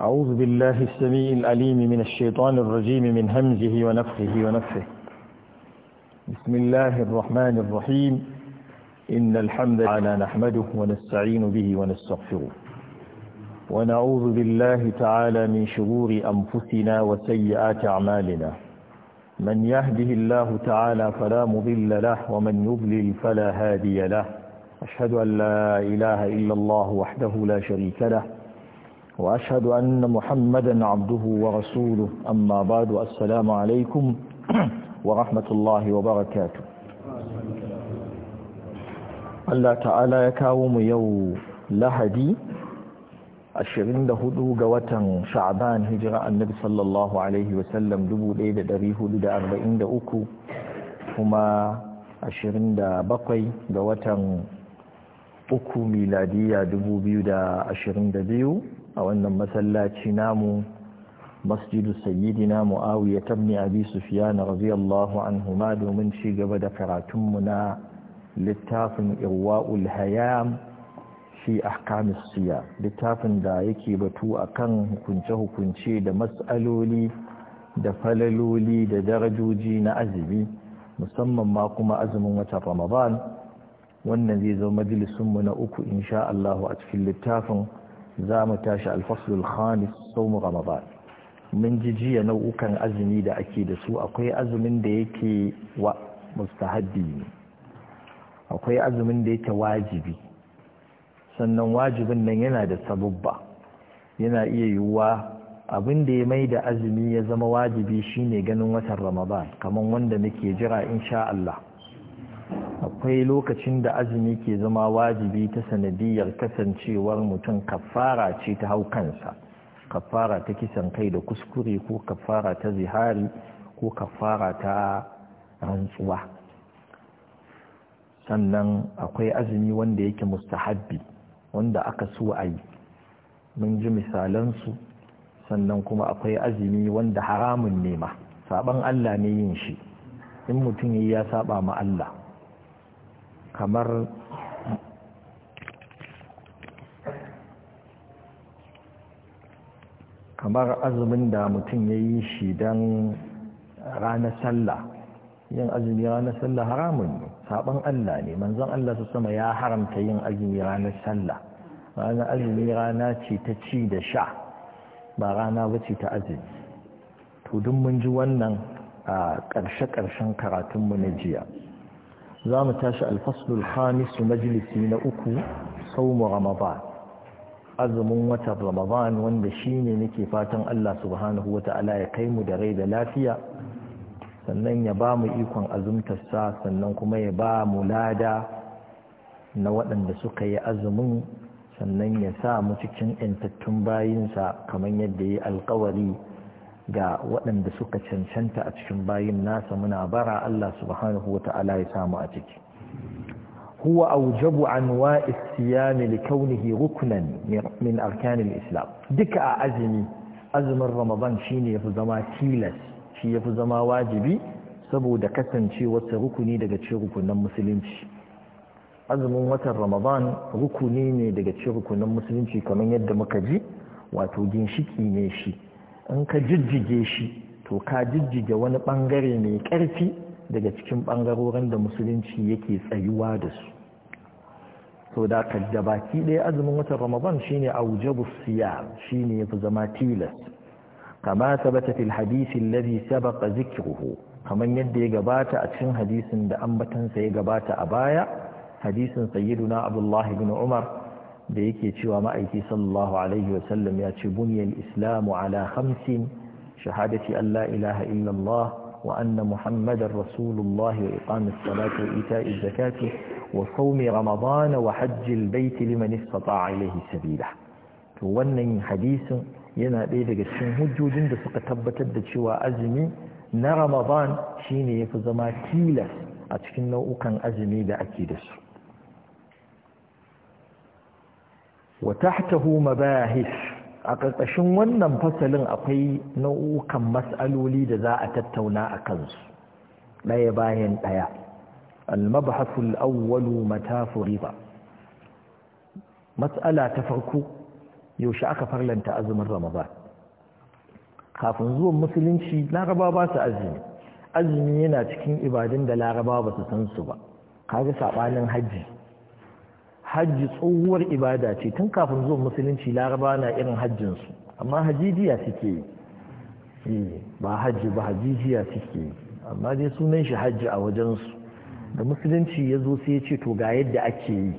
أعوذ بالله السميع الأليم من الشيطان الرجيم من همزه ونفخه ونفخه بسم الله الرحمن الرحيم إن الحمد لله نحمده ونستعين به ونستغفره ونعوذ بالله تعالى من شرور أنفسنا وسيئات أعمالنا من يهده الله تعالى فلا مضل له ومن يضلل فلا هادي له أشهد أن لا إله إلا الله وحده لا شريك له وأشهد أن محمدا عبده ورسوله أما بعد السلام عليكم ورحمة الله وبركاته Allah ta'ala ya kawo mu yau lahadi 24 ga watan sha'ban hijira annabi sallallahu alaihi wasallam 1443 kuma 27 ga watan uku miladiya 2022 a wannan masallaci namu masjidu sayyidina muawiya tabni abi sufyan radiyallahu anhuma domin ci gaba da karatunmu na littafin irwa'ul hayam fi ahkamis siya littafin da yake batu akan hukunce-hukunce da matsaloli da falaloli da darajoji na azumi musamman ma kuma azumin wata ramadan wannan zai zama mu na uku insha Allah a cikin littafin za mu tashi alfaslul khamis sau ramadan mun ji jiya nau'ukan azumi da ake da su akwai azumin da yake wa mustahabbi akwai azumin da yake wajibi sannan wajibin nan yana da sababba yana iya yiwuwa abin da ya mai da azumi ya zama wajibi shine ganin watan ramadan kamar wanda muke jira insha Allah akwai lokacin da azumi ke zama wajibi ta sanadiyar kasancewar mutum kafara ce ta hau kansa kafara ta kisan kai da kuskure ko kafara ta zihari ko kafara ta rantsuwa sannan akwai azumi wanda yake mustahabbi wanda aka so a yi mun ji misalansu sannan kuma akwai azumi wanda haramun nema saban Allah ne yin shi in mutum ya saba ma Allah kamar kamar azumin da mutum ya yi shi don ranar sallah yin azumi ranar sallah haramun ne sabon Allah ne manzon Allah su sama ya haramta yin azumi ranar sallah ranar azumi rana ce ta ci da sha ba rana ba ce ta azumi to duk mun ji wannan a ƙarshe-ƙarshen karatunmu na jiya za mu tashi alfaslul khamisu majalisi na uku saumu ramadan azumin wata ramadan wanda shi ne nake fatan Allah subhanahu ta'ala ya kai mu da rai da lafiya sannan ya ba mu ikon azumtarsa sannan kuma ya ba mu lada na waɗanda suka yi azumin sannan ya sa mu cikin ‘yantattun bayinsa kamar yadda ya alkawari ga waɗanda suka cancanta a cikin bayin nasa muna bara Allah subhanahu wa ta'ala ya samu a ciki huwa aujabu anwa'i siyam li kaunihi ruknan min arkanil islam duka a azumi azumin ramadan shine yafi zama tilas shi yafi zama wajibi saboda wata rukuni daga cikin rukunan musulunci azumin watan ramadan rukuni ne daga cikin rukunan musulunci kamar yadda muka ji wato ginshiki ne shi in ka jijjige shi to ka jijjige wani ɓangare mai ƙarfi daga cikin ɓangarorin da musulunci yake tsayuwa da su so da ka da baki ɗaya azumin watan ramadan shine aujabu siyam shine yafi zama tilas kama sabata fil hadisi alladhi sabaqa zikruhu Kamar yadda ya gabata a cikin hadisin da ambatansa ya gabata a baya hadisin sayyiduna abdullahi bin umar da yake cewa ma'aiki sallallahu alaihi wasallam ya ce buniyar islamu ala hamsin shahadati an la ilaha illallah wa anna muhammadar rasulullahi wa iqamis salatu wa ita'i zakati wa saumi ramadana wa hajjil baiti liman istata'a ilaihi sabila to wannan hadisin yana ɗaya daga cikin hujjojin da suka tabbatar da cewa azumi na ramadan shine yafi zama tilas a cikin nau'ukan azumi da ake da su wa tahtahu mabahis a ƙarƙashin wannan fasalin akwai nau'ukan mas'aloli da za a tattauna a kansu ɗaya bayan ɗaya almabhasul awwalu mata furiba mas'ala ta farko yaushe aka farlanta azumin ramadan kafin zuwan musulunci laraba ba su azumi azumi yana cikin ibadun da laraba ba su san su ba kaga saɓanin hajji hajji tsohuwar ibada ce tun kafin zuwa musulunci laraba na irin hajjinsu amma hajijiya suke yi eh, ba hajji ba hajijiya suke yi amma dai sunan shi hajji a wajensu da musulunci ya zo sai ya ce to ga yadda ake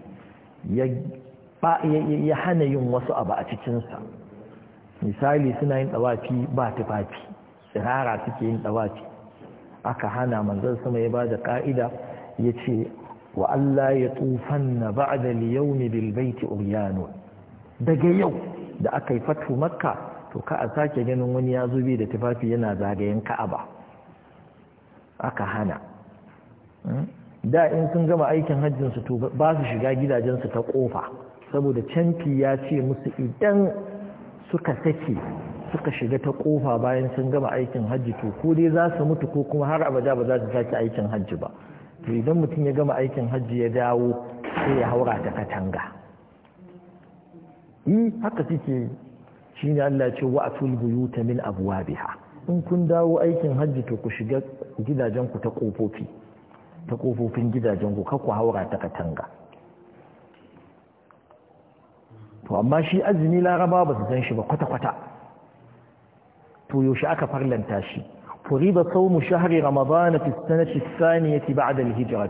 yi ya hana yin wasu abu a cikinsa misali suna yin ɗawafi ba tufafi tsirara suke yin ɗawafi aka hana manzon sama ya ba da ƙa'ida ya ce wa Allah ya tufanna ba'da al-yawmi bil daga yau da aka yi fatu makka to ka a sake ganin wani ya zube da tufafi yana zagayen ka'aba aka hana da in sun gama aikin hajjin su to ba su shiga gidajen su ta kofa saboda canfi ya ce musu idan suka sake suka shiga ta kofa bayan sun gama aikin hajji to ko dai za su mutu ko kuma har abada ba za su sake aikin hajji ba to idan mutum ya gama aikin hajji ya dawo sai ya haura ta katanga yi haka suke shi ne Allah ce wa atul buyuta min abuwa biya. in kun dawo aikin hajji to ku shiga gidajenku ku ta kofofi ta kofofin gidajenku ku ku haura ta katanga to amma shi azumi laraba ba su san shi ba kwata-kwata to yaushe aka farlanta shi فريض صوم شهر رمضان في السنة الثانية بعد الهجرة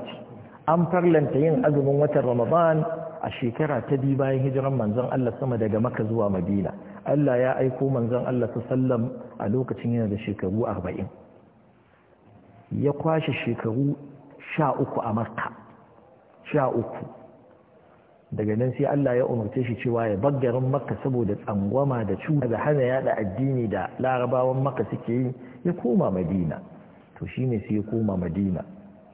أم فرلن تين أزم وتر رمضان الشكرة تدي باين هجرا من زن الله سمد مكة زوا مدينة ألا يا أيكو من زن الله تسلم ألوك تنين ذا شكرو أربعين يقواش الشكرو شاء أمرك شاء daga nan sai Allah ya umarce shi cewa ya baggarin makka saboda tsangwama da cuta da hana yada addini da larabawan makka suke yi ya koma madina to shine sai ya koma madina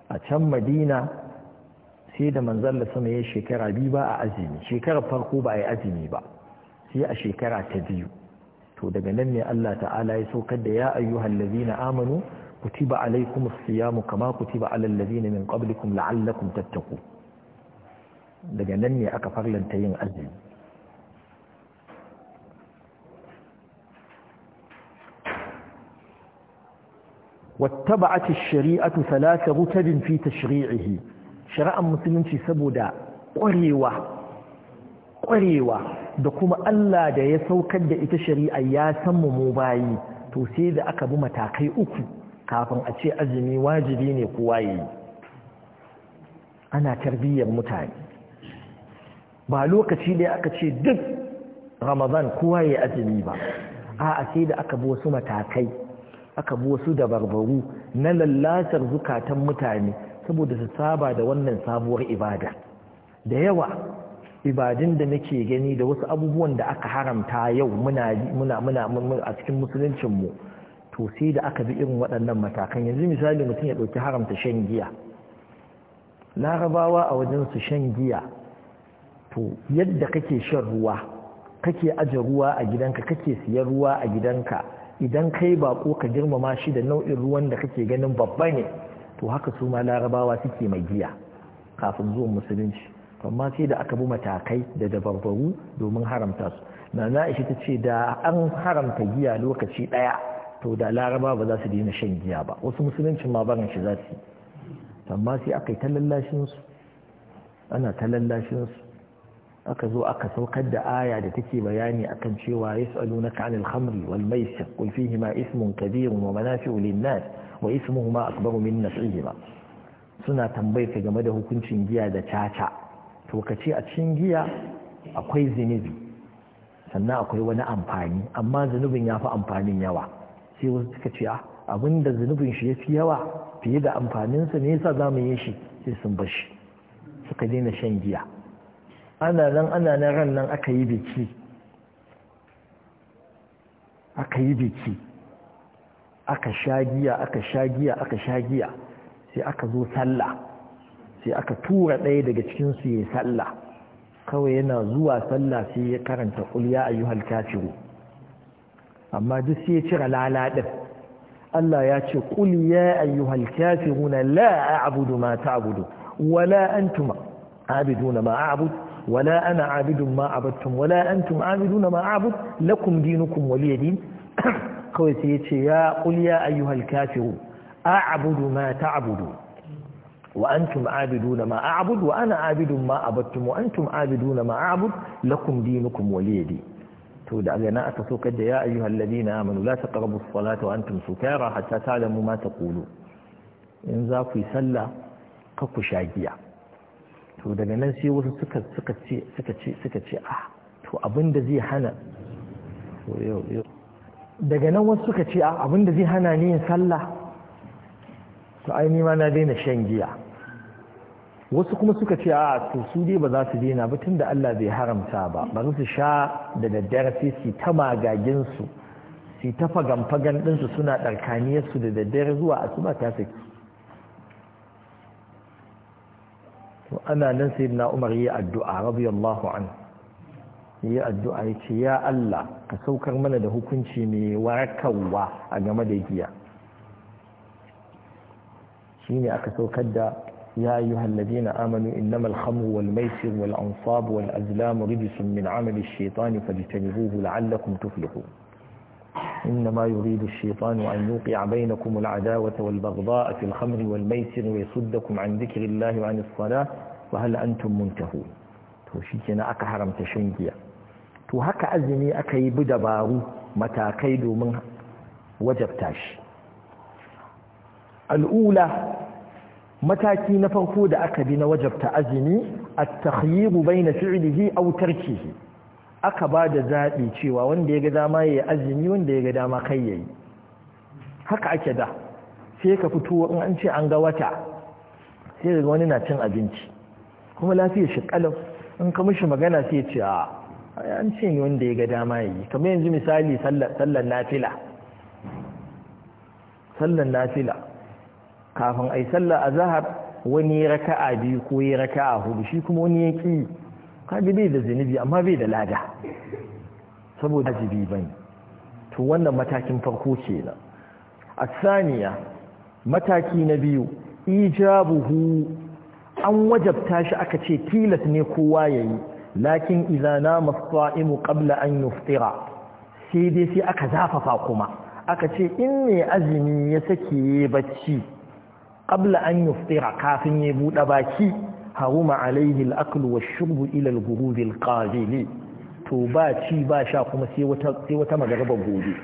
a can madina sai da manzalla sama ya shekara biyu ba a azumi shekarar farko ba a yi azumi ba sai a shekara ta biyu to daga nan ne Allah ta'ala ya saukar da ya ayyuhal ladina amanu kutiba alaikumus siyamu kama kutiba alal ladina min qablikum la'allakum tattaqu daga nan ne aka farlanta yin azumi واتبعت الشريعة ثلاث رتب في تشريعه شرع مسلم في سبودا قريوة قريوة دكما ألا دا يسوكد دا إتشريع ياسم مباي توسيد أكبو متاقي أكو كافن أتي أزمي واجبيني قواي أنا تربية متاني ba lokaci da aka ce duk ramadan kowa ya azumi ba a a sai da aka bi wasu matakai aka bi wasu dabarbaru na lallatar zukatan mutane saboda su saba da wannan sabuwar ibada da yawa ibadin da nake gani da wasu abubuwan da aka haramta yau muna muna muna a cikin musuluncin mu to sai da aka bi irin waɗannan matakan yanzu misali mutum ya ɗauki haramta shan giya larabawa a wajen su shan giya to yadda kake shan ruwa kake aje ruwa a gidanka kake siyan ruwa a gidanka idan kai bako ka girmama shi da nau'in ruwan da kake ganin babba ne to haka su ma larabawa suke mai giya kafin zuwan musulunci amma sai da aka bi matakai da dabarbaru domin haramta su na ishi ta ce da an haramta giya lokaci ɗaya to da laraba ba za su daina shan giya ba wasu musulunci ma barin shi za su yi amma sai aka yi ta lallashinsu ana ta lallashinsu aka zo aka saukar da aya da take bayani akan cewa yas'alunaka 'anil khamri wal maisir qul ma ismun kabir wa manafi'u lin-nas wa ismuhuma akbaru min naf'ihima suna tambayar game da hukuncin giya da caca to kace a cikin giya akwai zinubi sannan akwai wani amfani amma zunubin yafi amfanin yawa sai wasu suka ce a, abinda zunubin shi yafi yawa fiye da amfaninsa ne yasa zamu yi shi sai sun bar shi suka daina shan giya ana nan ana nan ran nan aka yi biki aka yi biki aka sha giya aka sha giya aka sha giya sai aka zo sallah sai aka tura ɗaya daga cikinsu ya yi sallah kawai yana zuwa sallah sai ya karanta kulya a kafiru amma duk sai ya cire lalaɗin Allah ya ce ƙul ya ayyuhal kafiruna la a'budu ma ta'budu wala antuma abiduna ma a'budu wala ana abidun ma abattum wala antum abiduna ma abud lakum dinukum waliya din kawai sai yace ya qul ya ayyuhal kafiru a'budu ma ta'budu wa antum abiduna ma a'bud wa ana abidun ma abattum wa antum abiduna ma a'bud lakum dinukum waliya din to da ga na aka sokar da ya ayyuhal ladina amanu la taqrabu as-salata wa in za ku yi sallah ka ku sha giya to daga nan sai wasu suka suka ce suka ce suka ce a ah, to abin da zai hana daga nan wasu suka ce a ah, abinda zai hana ni yin sallah to ai ma na daina shan giya wasu kuma suka ce a ah, to su dai ba za su daina ba tunda Allah bai haramta ba ba su sha da daddare sai su ta magagin su su ta fagan fagan din su suna ɗarkaniyarsu su da daddare zuwa asuba ta saki ana nan sai na umar yi addu'a yallahu an yi addu'a ya ce ya Allah ka saukar mana da hukunci mai warkarwa a game da giya shi ne aka saukar da ya yi hallabi na amanu innama alhamru wal maisir wal ansabu wal azlam rijisun min amali shaitani buhu la'allakum tuflihu إنما يريد الشيطان أن يوقع بينكم العداوة والبغضاء في الخمر والميسر ويصدكم عن ذكر الله وعن الصلاة وهل أنتم منتهون توشيكنا أكا حرم تشنجيا تو هكا أزني أكا يبدا باغو متى كيدو من وجب تاش الأولى متى كي نفرفود أكا بنا وجب تأزني بين فعله أو تركه aka ba da zaɓi cewa wanda ya ga dama ya yi azumi wanda ya ga dama kai ya yi haka ake da sai ka fito in an ce an ga wata sai ga wani na cin abinci kuma lafiya shi kalau in ka mishi magana sai ce a an ce ne wanda ya ga dama ya yi kamar yanzu misali sallar nafila sallar nafila kafin a yi sallar a zahar wani ya raka'a biyu ko ya raka'a hudu shi kuma wani ya ƙi kaji bai da zunubi amma bai da lada saboda jibi bane to wannan matakin farko kenan saniya mataki na biyu ijabuhu an wajabta shi aka ce tilas ne kowa yayi lakin idza na as qabla an yuftira sai dai sai aka zafafa kuma aka ce in ne azumi ya sake bacci qabla an yuftira kafin ya buɗe baki haruma alaihi al'aklu wa shurbu ila al-ghurubi to ba ci ba sha kuma sai wata magaraba gobe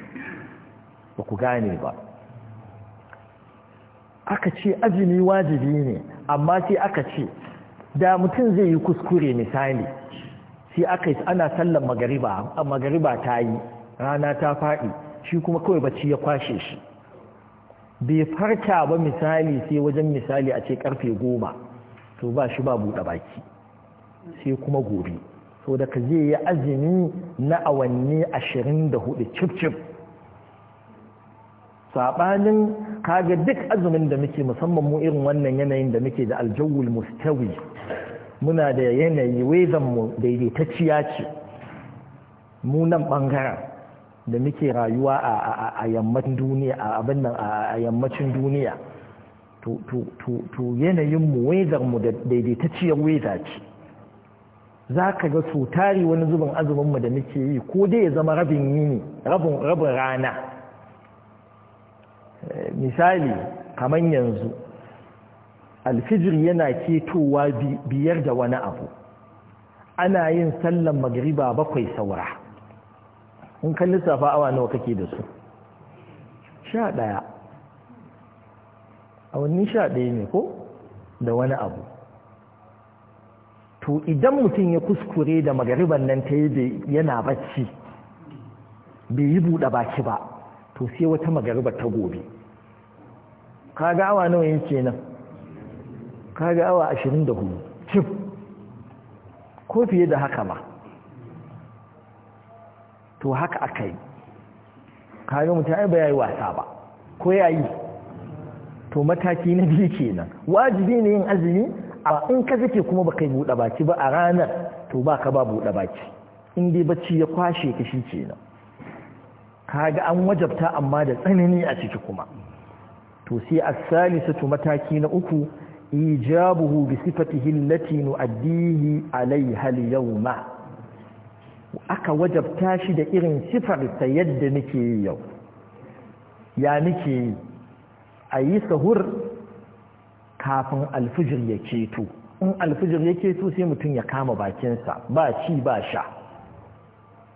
ba ku gane ba aka ce azumi wajibi ne amma sai aka ce da mutum zai yi kuskure misali sai aka yi ana sallan magariba magariba ta yi rana ta faɗi shi kuma kawai bacci ya kwashe shi bai farka ba misali sai wajen misali a ce karfe goma to ba shi ba buɗe baki sai kuma gobe so ka zai yi azumi na awanni ashirin da hudu cif-cif saɓanin kaga duk azumin da muke musamman mu irin wannan yanayin da muke da aljawul mustawi muna da yanayi mu daidaitacciya ce mu nan ɓangaren da muke rayuwa a yammacin duniya to yanayinmu mu da daidaitacciyar weza ce za ka ga su tari wani zubin azuminmu da muke yi ko dai ya zama rabin yini rabin rana eh, misali kamar yanzu alfijir yana ketowa biyar da wani abu ana yin sallan magriba bakwai saura in kan lissafa awa nawa kake da su sha ɗaya awanni sha ɗaya ne ko da wani abu to idan mutum ya kuskure da magariban nan ta yi yana bacci bai yi buɗe baki ba to sai wata magariba ta gobe kaga awa nawa yake nan kaga awa ashirin da hudu cif ko fiye da haka ba to haka aka yi kaga mutum ai ba ya yi wasa ba ko ya yi to mataki na biyu kenan wajibi ne yin azumi a in ka zake kuma baka yi buɗe baki ba a ranar to ba ka ba buɗe baki in dai bacci ya kwashe ka shi kenan ga an wajabta amma da tsanani a ciki kuma to sai a as tu mataki na uku ijabuhu bi sifatihi allati nu'addihi alaiha al-yawma aka wajabta shi da irin sifar ta yadda nake yau ya nake yi a yi sahur kafin alfijir ya keto in alfijir ya keto sai mutum ya kama bakinsa ba ci ba sha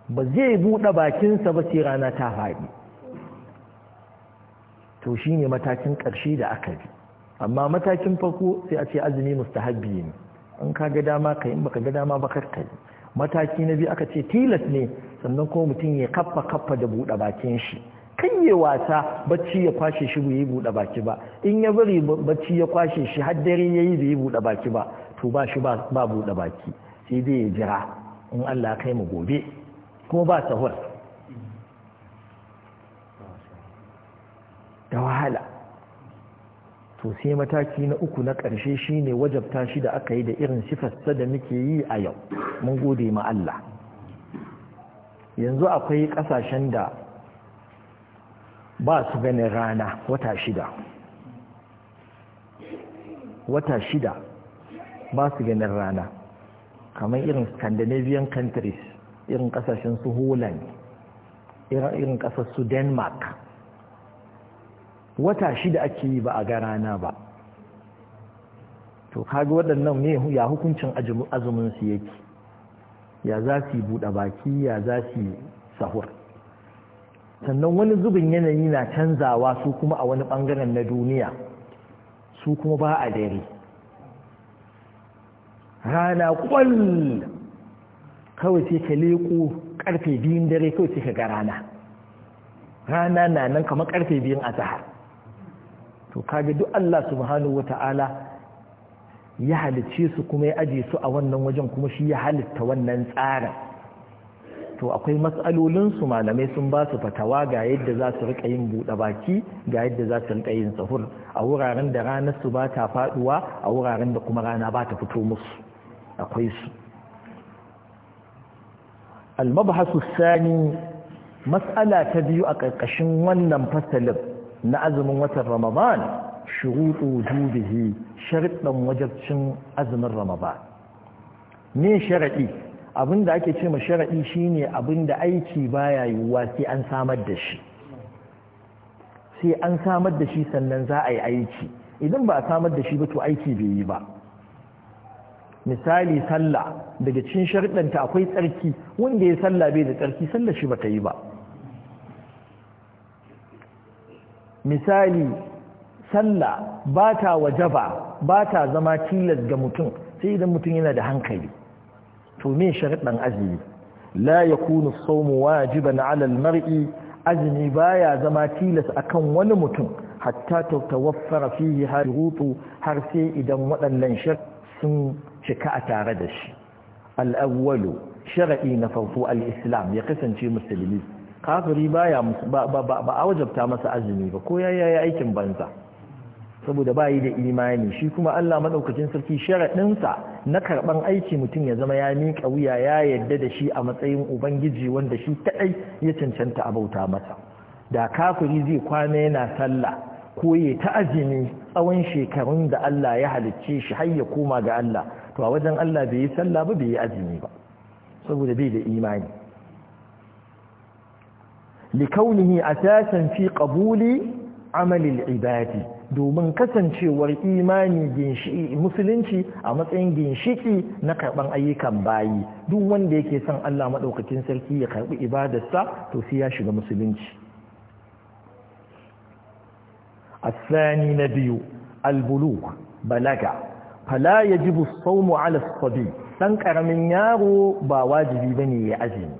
ba zai buɗe bakinsa ba sai rana ta faɗi to shi ne matakin ƙarshe da aka bi amma matakin farko sai a ce azumi mustahabbi ne in ka ga dama ka yi baka ga dama ba kar yi. mataki na biyu aka ce tilas ne sannan kuma mutum ya kaffa kaffa da buɗe bakin shi kan ya wasa bacci ya kwashe shi bai buɗe baki ba in ya bari bacci ya kwashe shi har dare ya yi bai buɗe baki ba to ba shi ba buɗe baki sai dai ya jira in Allah kai mu gobe kuma ba sahur da wahala to sai mataki na uku na ƙarshe shine wajabta shi da aka yi da irin sifarsa da muke yi a yau mun gode ma Allah yanzu akwai ƙasashen da ba su ganin rana wata shida wata shida ba su ganin rana kamar irin scandinavian countries irin kasashen su holland irin kasar su denmark wata shida ake yi ba a ga rana ba to kaga waɗannan ne ya hukuncin azumin su yake ya za su yi buɗe baki ya za su yi sahur sannan wani zubin yanayi na canzawa su kuma a wani bangaren na duniya su kuma ba a dare rana kwal kawai sai ka leko karfe biyun dare kawai sai ka ga rana rana na nan kamar karfe biyun zahar to kaga duk Allah subhanahu wata'ala ya halicce su kuma ya aje su a wannan wajen kuma shi ya halitta wannan tsarin to akwai matsalolinsu malamai sun ba su fatawa ga yadda za su rika yin buɗe baki ga yadda za su rika yin sahur a wuraren da ranar su ba ta faɗuwa a wuraren da kuma rana ba ta fito musu akwai su almabhasu sani mas'ala ta biyu a ƙarƙashin wannan fasalin na azumin watan ramadan shuruɗu wujubihi sharɗan wajabcin azumin ramadan ne sharaɗi abin da ake ce ma sharaɗi shine abin da aiki baya yiwuwa sai an samar da shi sai an samar da shi sannan za a yi aiki idan ba a samar da shi ba to aiki bai yi ba misali sallah daga cikin sharɗanta akwai tsarki wanda ya sallah bai da tsarki sallah shi bata yi ba misali sallah ba ta wajaba ba ta zama tilas ga mutum sai idan mutum yana da hankali to me azumi la yakunu as-sawmu wajiban 'ala al azumi baya zama tilas akan wani mutum hatta tawaffara fihi harutu har sai idan waɗannan shar sun cika a tare da shi al-awwalu shar'i na farko al-islam ya kasance musulmi kafiri baya ba a wajabta masa azumi ba ko yayi aikin banza saboda bayi da imani shi kuma Allah madaukakin sarki sharaɗinsa na karɓan aiki mutum ya zama ya mika wuya ya yadda da shi a matsayin ubangiji wanda shi kaɗai ya cancanta a bauta masa da kafiri zai kwana yana sallah ko ya ta azumi tsawon shekarun da Allah ya halicce shi har ya koma ga Allah to a wajen Allah bai yi sallah ba bai yi azumi ba saboda bai da imani likaunihi a في قبول amalil ibadi. domin kasancewar imani ginshiki musulunci a matsayin ginshiki na karban ayyukan bayi duk wanda yake son Allah madaukakin sarki ya karɓi ibadarsa to sai ya shiga musulunci الثاني نبي البلوغ بلغ فلا يجب الصوم على الصبي dan karamin yaro ba wajibi ba ne ya azumi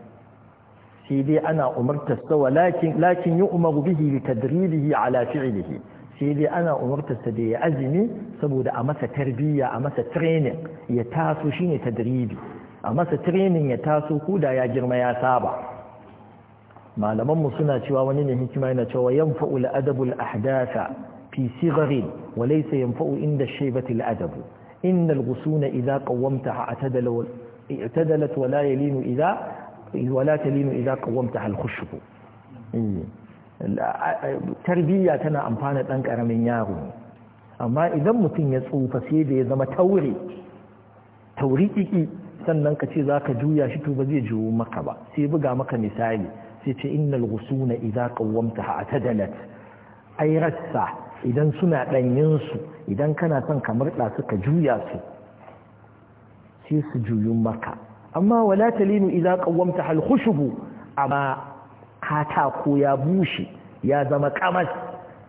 sai dai ana umartar sa walakin lakin yu'maru bihi li tadribihi ala fi'lihi sai dai ana umartarsa da ya azumi saboda a masa tarbiyya a masa training ya taso shine tadribi a masa training ya taso kuda ya girma ya saba malamanmu suna cewa wani ne hikima yana cewa yanfa'u al-adabu al-ahdatha fi sigharin wa laysa yanfa'u inda shaybati al-adabu inna al-ghusuna idha qawwamtaha atadala i'tadalat wa la yalinu idha wa la talinu idha qawwamtaha al-khushbu tarbiyya tana amfana ɗan ƙaramin yaro amma idan mutum ya tsufa sai da ya zama taure tauri ƙiƙi sannan ka ce za ka juya shi to ba zai juwo maka ba sai buga maka misali sai ce na ghusuna idza qawwamta ha atadalat ai rassa idan suna ɗanyensu, idan kana son ka murɗa su ka juya su sai su juyun maka amma wala talinu idza qawwamta hal khushubu amma katako ya bushe ya zama kamar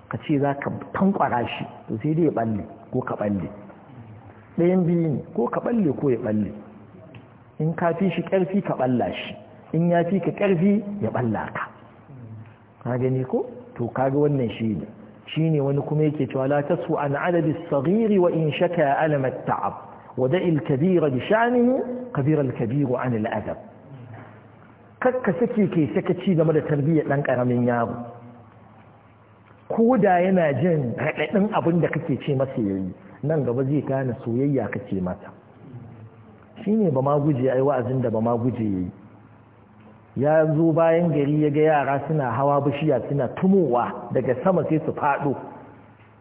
ka ce za ka tankwara shi to sai dai ya balle ko ka balle ɗayan biyu ne ko ka balle ko ya balle in ka fi shi ƙarfi ka balla shi in ya fi ka ƙarfi ya balla ka ka gani ko to kaga wannan shi ne shi ne wani kuma yake cewa la tasu an adadi sagiri wa in shaka alamat ta'ab wa da'il kabira bi sha'nihi kabira al-kabiru an al kakka sake saka ci game da tarbiyya ɗan ƙaramin yaro ko da yana jin raɗaɗin abin da kake ce masa yayi nan gaba zai gane soyayya kake mata Shi ne ba ma guje ai wa'azin da ba ma guje yayi ya zo bayan gari ya ga yara suna hawa bishiya suna tumowa daga sama sai su faɗo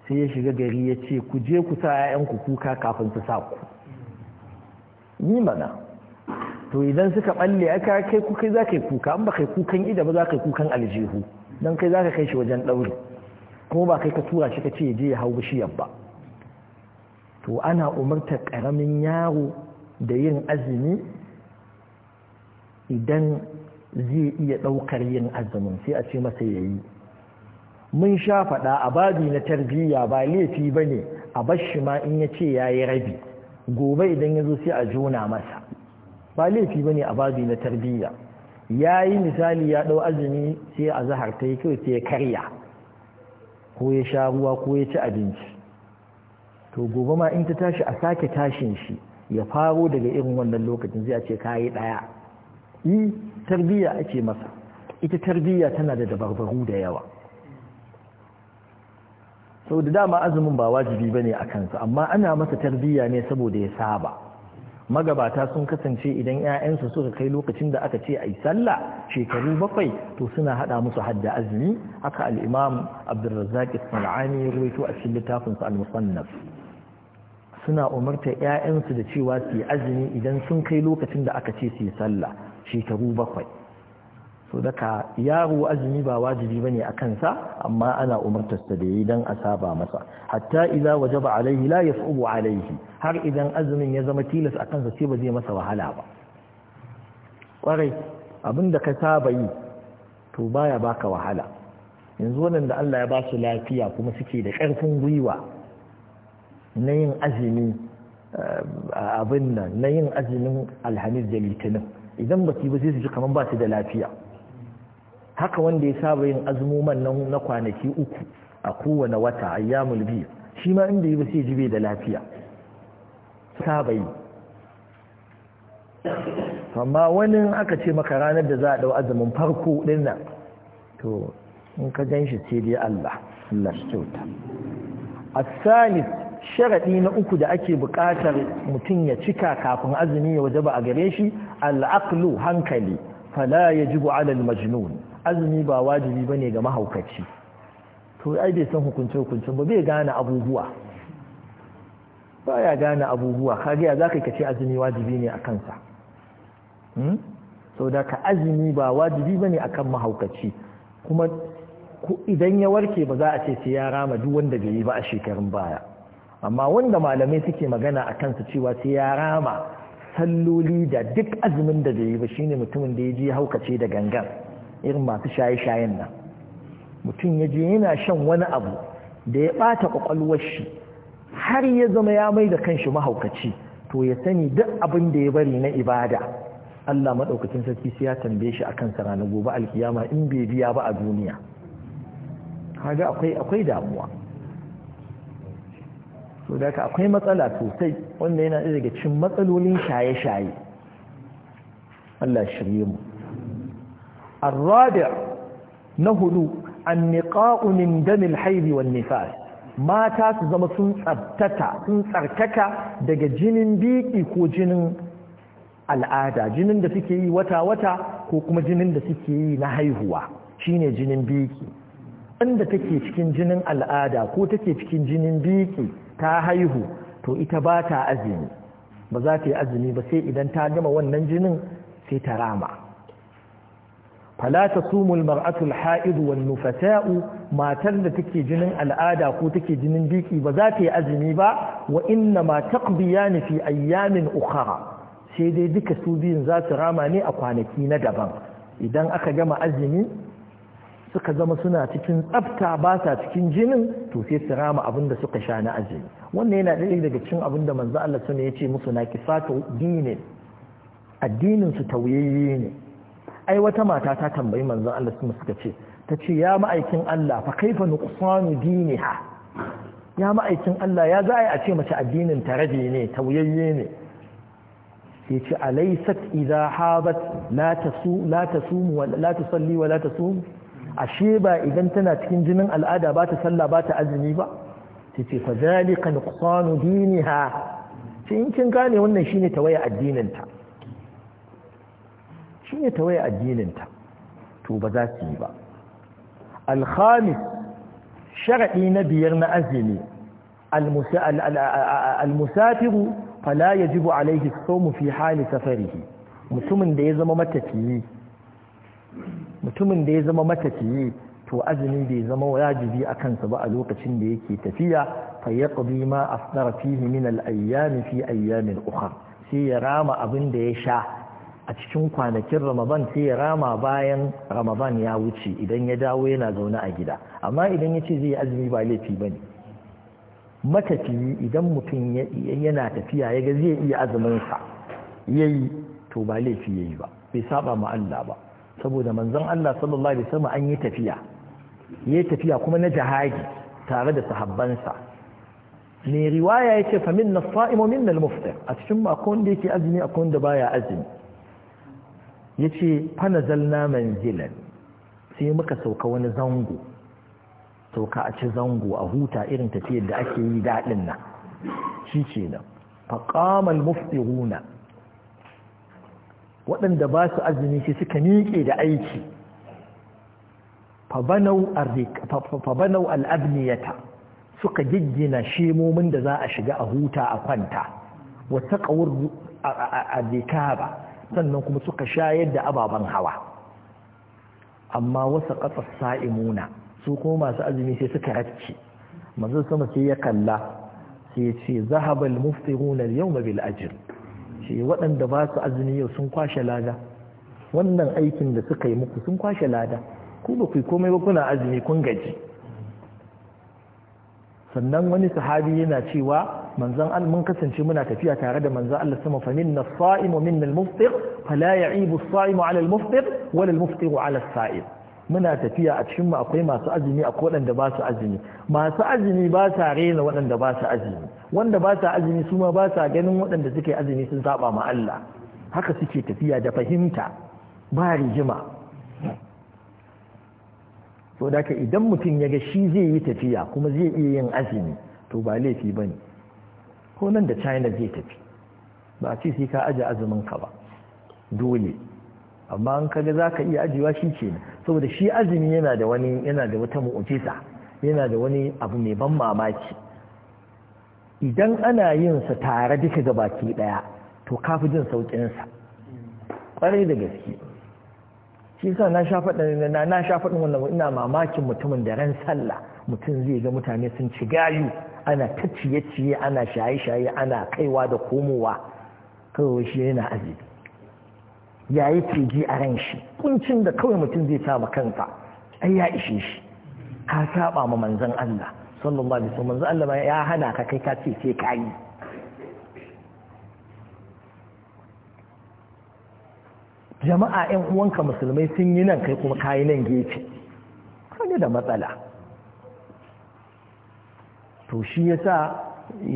sai ya shiga gari ya ce ku je ku sa 'ya'yanku kuka kafin su sa ku ni mana to idan suka balle aka kai ku kai za ka yi kuka an ba kai kukan ida ba za ka yi kukan aljihu don kai za ka kai shi wajen ɗauri kuma ba kai ka tura shi ka ce je ya hau bishiyar ba to ana umarta karamin yaro da yin azumi idan zai iya ɗaukar yin azumin sai a ce masa ya yi mun sha faɗa a babi na tarbiyya ba laifi ba ne a bashi ma in ya ce ya yi rabi gobe idan ya zo sai a jona masa ba laifi ba ne a babi na tarbiyya ya yi misali ya ɗau azumi sai a zahar ta yi kyau sai ya karya ko ya sha ruwa ko ya ci abinci to gobe ma in ta tashi a sake tashin shi ya faro daga irin wannan lokacin zai a ce kayi ɗaya yi tarbiyya ake masa ita tarbiyya tana da dabarbaru da yawa sau da dama azumin ba wajibi ba ne a kansa amma ana masa tarbiyya ne saboda ya saba magabata sun kasance idan 'ya'yansu suka kai lokacin da aka ce a yi sallah shekaru bakwai to suna haɗa musu hadda azumi haka al'imam abdulrazzaki sana'ani ya ruwaito a cikin littafinsa al-musannaf suna umarta 'ya'yansu da cewa su yi azumi idan sun kai lokacin da aka ce su yi sallah shekaru bakwai so daga yaro azumi ba wajibi bane a kansa amma ana umartarsa da yi dan a saba masa hatta waje ba alaihi la yas'ubu alaihi har idan azumin ya zama tilas a kansa sai ba zai masa wahala ba kwarai abinda ka saba yi to baya baka wahala yanzu waɗanda Allah ya ba su lafiya kuma suke da ƙarfin gwiwa na yin azumi eh, abin nan na yin azumin alhamis da litinin idan ba su yi ba sai su ji kamar ba su da lafiya haka wanda ya saba yin azumuman nan na kwanaki uku a kowane wata ayyamul biyu shi ma inda yi ba sai jibe da lafiya saba yi amma wani aka ce maka ranar da za a dau azumin farko din nan to in ka gan shi sai dai Allah Allah shi kyauta asalis sharadi na uku da ake buƙatar mutum ya cika kafin azumi ya wajaba a gare shi al-aqlu hankali fala yajibu 'ala al-majnun azumi ba wajibi bane ga mahaukaci to ai bai san hukunce hukuncin ba bai gane abubuwa ba ya gane abubuwa kage ya zaka kace azumi wajibi ne a kansa hmm? sau da ka azumi ba wajibi bane kan mahaukaci kuma idan ya warke ba za a ce sai ya rama duk wanda bai yi ba a shekarun baya amma wanda malamai suke magana a kansa cewa sai ya rama salloli da duk azumin da bai yi ba shine mutumin da ya ji haukace da gangan irin masu shaye-shayen nan mutum ya je yana shan wani abu da ya ɓata ƙwaƙwalwar shi har ya zama ya mai da kanshi mahaukaci to ya sani duk abin da ya bari na ibada Allah maɗaukacin sarki sai ya tambaye shi akan sa gobe alkiyama in bai biya ba a duniya kaga akwai akwai damuwa so da akwai matsala sosai wanda yana daga cikin matsalolin shaye-shaye Allah shirye mu الرابع نهدو النقاء من دم الحيض والنفاس mata su zama sun tsabtata daga jinin biki ko jinin al'ada jinin da suke yi wata-wata ko kuma jinin da suke yi na haihuwa shine jinin biki inda take cikin jinin al'ada ko take cikin jinin biki ta haihu to ita ba ta azumi ba za ta yi azumi ba sai idan ta gama wannan jinin sai ta rama Falata ta sumul mar'atul ha'id wal nufata'u matar da take jinin al'ada ko take jinin biki ba za ta yi azumi ba wa inna ma taqdiyani fi ayyamin ukhra sai dai duka su biyun za su rama ne a kwanaki na daban idan aka gama azumi suka zama suna cikin tsafta basa cikin jinin to sai su rama abin da suka sha na azumi wannan yana ɗaya daga cikin abin da manzo Allah ya ce musu na kisatu dinin addinin su tauyayye ne ai wata mata ta tambayi manzon Allah su suka ce ta ce ya ma'aikin Allah fa kaifa nuqsanu diniha ya ma'aikin Allah ya za a ce mace addinin ta rabe ne tauyayye ne sai ce alaysat idza habat la tasu la tasum wa la tusalli wa la tasum ashe ba idan tana cikin jinin al'ada ba ta sallah ba ta azumi ba sai ce fa zalika nuqsanu diniha sai in kin gane wannan shine tawaya addinin ta shi ne tawaye addininta to ba za su yi ba alhamis sharaɗi na biyar na azumi almusafiru fala ya jibu alaihi somu fi hali safarihi mutumin da ya zama matafiye to azumi bai zama wajibi a kansa ba a lokacin da yake tafiya fa ya ƙabi ma a fihi min al'ayyami fi ayyamin uha sai ya rama abin da ya sha a cikin kwanakin ramadan sai ya rama bayan ramadan ya wuce idan ya dawo yana zaune a gida amma idan ya ce zai azumi ba laifi ba ne matafiyi idan mutum yana tafiya ya ga zai iya azuminsa ya yi to ba laifi ya yi ba bai saba ma Allah ba saboda manzon Allah sallallahu alaihi wasallam an yi tafiya ya yi tafiya kuma na jihadi tare da sahabbansa me riwaya ce fa minna as-sa'imu minna a cikin makon da yake azumi akwai wanda baya azumi ya ce fanazalna manzilan sai muka sauka wani zango sauka a ci zango a huta irin tafiyar da ake yi daɗin na shi ce nan faƙamal muftiruna waɗanda ba su azumi shi suka miƙe da aiki fabanau al'abniyata suka giggina shemomin da za a shiga a huta a kwanta wata ƙawar a ba sannan kuma suka shayar da ababen hawa amma wasu ƙasar sa'imuna su kuma masu azumi sai suka racce manzo sama sai ya kalla sai ce zahabal muftiruna yau bil ajr shi waɗanda ba su azumi yau sun kwashe lada wannan aikin da suka yi muku sun kwashe lada ku ba ku komai ba kuna azumi kun gaji sannan wani sahabi yana cewa manzon Allah mun kasance muna tafiya tare da manzon Allah sama fa minna as-sa'imu minna al-muftir fala ya'ibu as-sa'imu 'ala al-muftir wala al muftir 'ala as-sa'im muna tafiya a cikin mu akwai masu azumi akwai waɗanda ba su azumi masu azumi ba sa rena waɗanda ba su azumi wanda ba sa azumi su ma ba sa ganin waɗanda suke azumi sun saba ma Allah haka suke tafiya da fahimta ba rijima so da idan mutum ya ga shi zai yi tafiya kuma zai iya yin azumi to ba laifi bane ko nan da china zai tafi ba a ce sai ka aje azumin ka ba dole amma an kaga za ka iya ajiyewa shi ke saboda shi azumi yana da wani yana da wata mu'ujiza yana da wani abu mai ban mamaki idan ana yin sa tare duka ga baki daya to kafi jin saukin sa kwarai da gaske shi sa na sha faɗin na na sha fadin wannan ina mamakin mutumin da ran sallah mutum zai ga mutane sun ci gayu ana ta ciye-ciye ana shaye-shaye ana kaiwa da komowa kawai shi yana aji. ya yi ji a ran shi kuncin da kawai mutum zai sa kansa ai ya ishe shi ka saba ma manzan Allah sallallahu alaihi wasallam manzan Allah ya hana ka kai ka ce sai ka yi jama'a 'yan uwanka musulmai sun yi nan kai kuma kayi nan geci kaga da matsala to shi yasa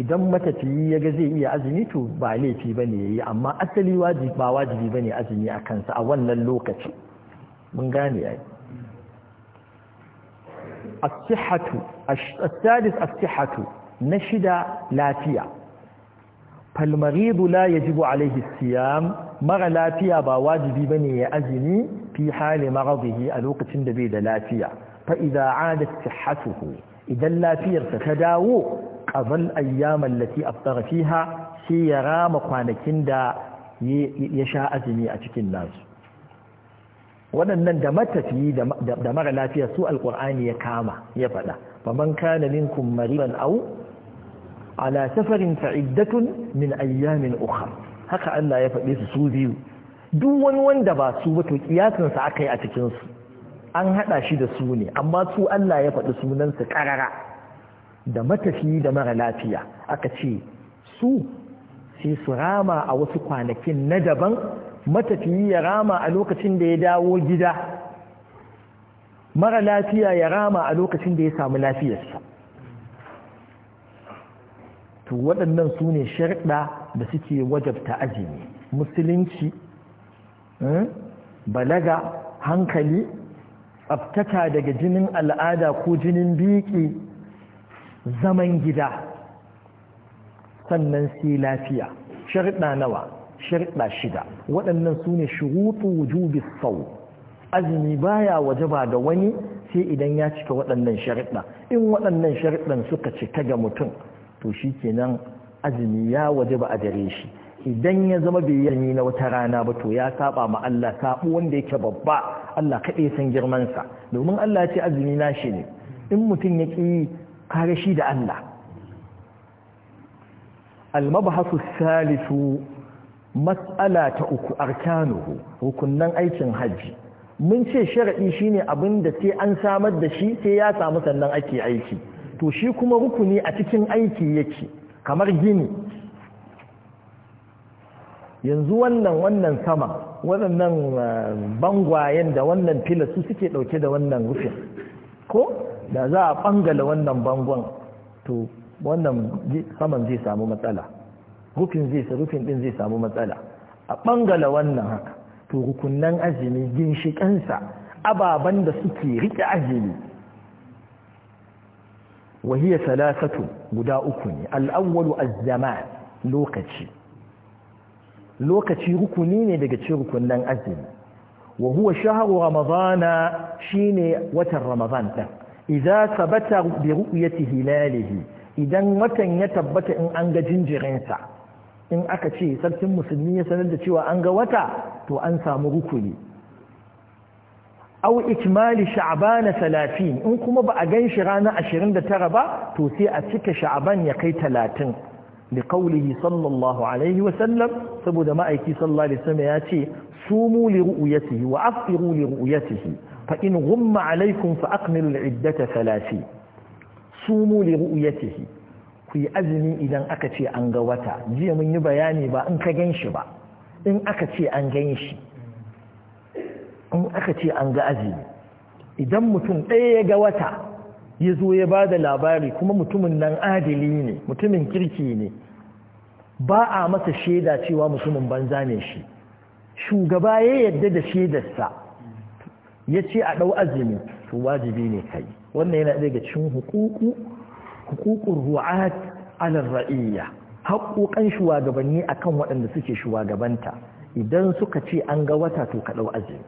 idan matafiyi ya ga zai iya azumi to ba laifi ya yi amma asali wajibi ba wajibi bane azumi a kansa a wannan lokaci mun gane yayi الصحة السادس الصحة نشد لافية فالمريض لا يجب عليه الصيام مر لافية بواجب بني يأزمي في حال da ألوقة دبيد lafiya فإذا عادت صحته idan lafiyarsa ta dawo ƙazal ayyaman lati aftara fiha sai ya rama kwanakin da ya sha azumi a cikin nasu waɗannan da matafiyi da mara lafiya su alƙur'ani ya kama ya faɗa faman kana minkum mariban au ala safarin fa'iddatun min ayyamin ukhra haka Allah ya faɗe su su biyu duk wani wanda ba su ba to kiyasinsa akai a cikin su an haɗa shi da su ne amma su Allah ya faɗi sunansu ƙarara da matafi da mara lafiya aka ce su sai su rama a wasu kwanakin na daban matafiyi ya rama a lokacin da ya dawo gida mara lafiya ya rama a lokacin da ya samu lafiyarsa to waɗannan su ne sharɗa da suke wajabta azumi musulunci hmm, balaga hankali tsabtaka daga jinin al'ada ko jinin biki zaman gida sannan sai lafiya sharɗa nawa sharɗa shida waɗannan su ne shuruɗu wujubi sau azumi baya wajaba da wani sai idan ya cika waɗannan sharɗa in waɗannan sharɗan suka cika ga mutum to shi kenan azumi ya wajaba a gare shi idan ya zama bai yi na wata rana ba to ya saba ma Allah sabu wanda yake babba Allah kaɗai san girmansa domin Allah ce azumi na shi ne in mutum ya ƙi kare shi da Allah almabahasu salisu matsala ta uku arkanuhu hukunnan aikin hajji mun ce sharadi shine abin da sai an samar da shi sai ya samu sannan ake aiki to shi kuma rukuni a cikin aiki yake kamar gini yanzu wannan wannan sama waɗannan uh, bangwayen da wannan fila su suke ɗauke da wannan rufin ko da za a ɓangala wannan bangon to wannan saman zai samu matsala rufin zai rufin ɗin zai samu matsala a ɓangala wannan haka to rukunan azumi ginshiƙansa ababen da suke riƙe azumi wahiyar salasatu guda uku ne al'awwalu az-zaman lokaci lokaci rukuni ne daga cikin rukunan azumi wa huwa shahru ramadana shine watan ramadan din idza sabata bi ru'yati hilalihi idan watan ya tabbata in an ga jinjirinsa in aka ce sarkin musulmi ya sanar da cewa an ga wata to an samu rukuni aw ikmali sha'bana 30 in kuma ba a ganshi ranar 29 ba to sai a cika sha'ban ya kai talatin. لقوله صلى الله عليه وسلم سبود ما أيكي صلى الله عليه وسلم ياتي صوموا لرؤيته وأفطروا لرؤيته فإن غم عليكم فأقملوا العدة ثلاثين صوموا لرؤيته في أزمي إذا أكتي أنقوتا جي من يبياني با أنك جنش با إن أكتي أنجنش إن أكتي أنقأزي إذا متن أي قوتا ya zo ya ba da labari kuma mutumin nan adili ne mutumin kirki ne ba a masa shaida cewa mutumin banza ne shi shugaba ya yadda da shaidarsa ya ce a ɗau azumi to wajibi ne kai wannan yana daga cikin hukuku hukukun ru'at alal ra'iyya haƙoƙan shugabanni akan waɗanda suke shugabanta idan suka ce an ga wata to ka ɗau azumi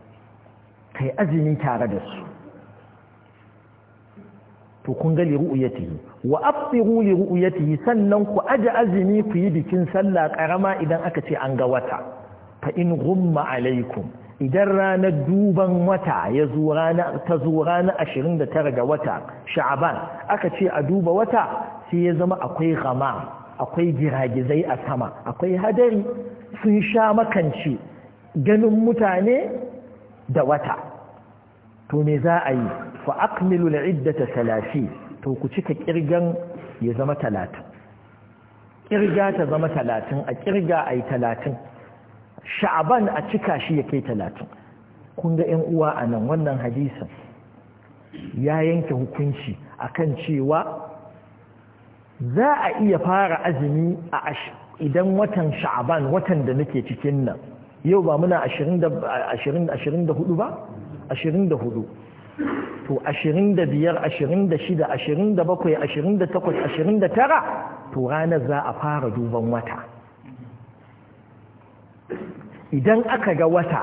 kai azumi tare da su to kun ga liru'yatihi wa afsiru liru'yatihi sannan ku aje azumi ku yi bikin sallah karama idan aka ce an ga wata fa in ghumma alaikum idan ranar duban wata ya zo rana ta zo rana 29 ga wata sha'aban aka ce a duba wata sai ya zama akwai rama akwai giragizai a sama akwai hadari sun sha makance ganin mutane da wata to me za a yi fa akmilu al'iddata 30 to ku cika kirgan ya zama talatin. kirga ta zama talatin, a kirga ai talatin. Sha'aban a cika shi ya kai talatin. kun ga 'yan uwa a nan? wannan hadisin ya yanke hukunci akan cewa za a iya fara azumi a idan watan sha'aban, watan da nake cikin nan yau ba muna 24 ba ashirin da hudu to ashirin da biyar ashirin da shida ashirin da bakwai ashirin da takwas ashirin da tara to ranar za a fara duban wata idan aka ga wata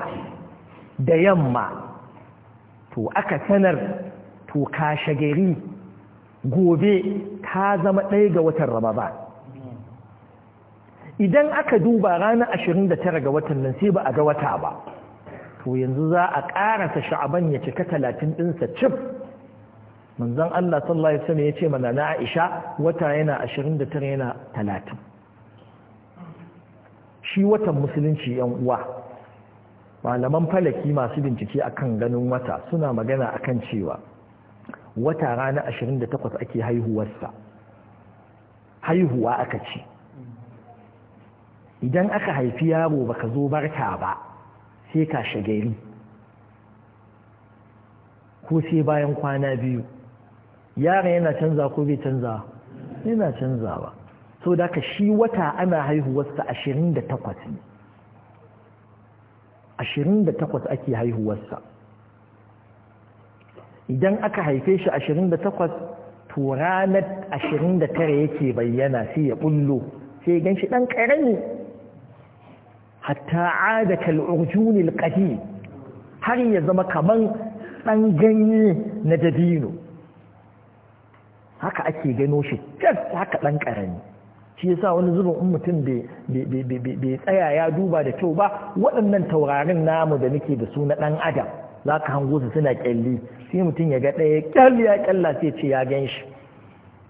da yamma to aka sanar to kashe gari gobe ta zama ɗaya ga watan ramadan idan aka duba ranar ashirin da tara ga watan nan sai ba a ga wata ba to yanzu za a ƙarasa sha'aban ya cika talatin ɗinsa cif manzan Allah sallallahu alaihi wasallam ya ce mana na Aisha wata yana 29 yana 30 shi watan musulunci yan uwa malaman falaki masu bincike akan ganin wata suna magana akan cewa wata rana 28 ake haihuwarsa haihuwa aka ce idan aka haifi yaro baka zo barka ba sai kashe gari ko sai bayan kwana biyu Yara yana canza ko bai canza yana canzawa so da ka shi wata ana haihuwarsa 28 ne 28 ake haihuwarsa idan aka haife shi 28 to ranar 29 yake bayyana sai ya bullo sai gan shi ɗan hatta ada kal urjunil qadim har ya zama kaman dan ganye na dabino haka ake gano shi just haka ɗan karami shi yasa wani zubin in mutum bai tsaya ya duba da kyau ba waɗannan taurarin namu da nake da su na ɗan adam za ka hango su suna ƙyalli sai mutum ya ga ɗaya ƙyalli ya ƙyalla sai ce ya gan shi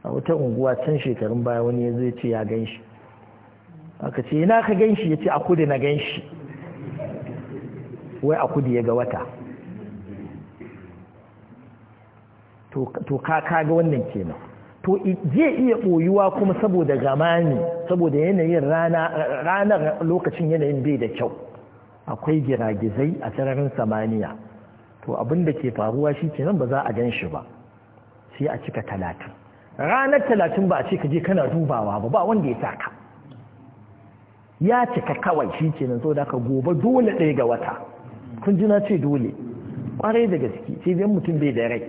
a wata unguwa can shekarun baya wani ya zai ce ya ganshi. aka ce ina ka gan shi ya ce a kudu na gan shi wai a kudu ya ga wata to ka kaga wannan kenan to zai iya ɓoyuwa kuma saboda gamani saboda yanayin ranar lokacin yanayin bai da kyau akwai giragizai a sararin samaniya to abinda ke faruwa shi kenan ba za a gan shi ba sai a cika talatin ranar talatin ba a ce ka je kana dubawa ba ba wanda ya saka ya cika kawai shi ce nan da ka gobe dole ɗaya ga wata kun ji na ce dole ƙwarai da gaske sai dai mutum bai da rai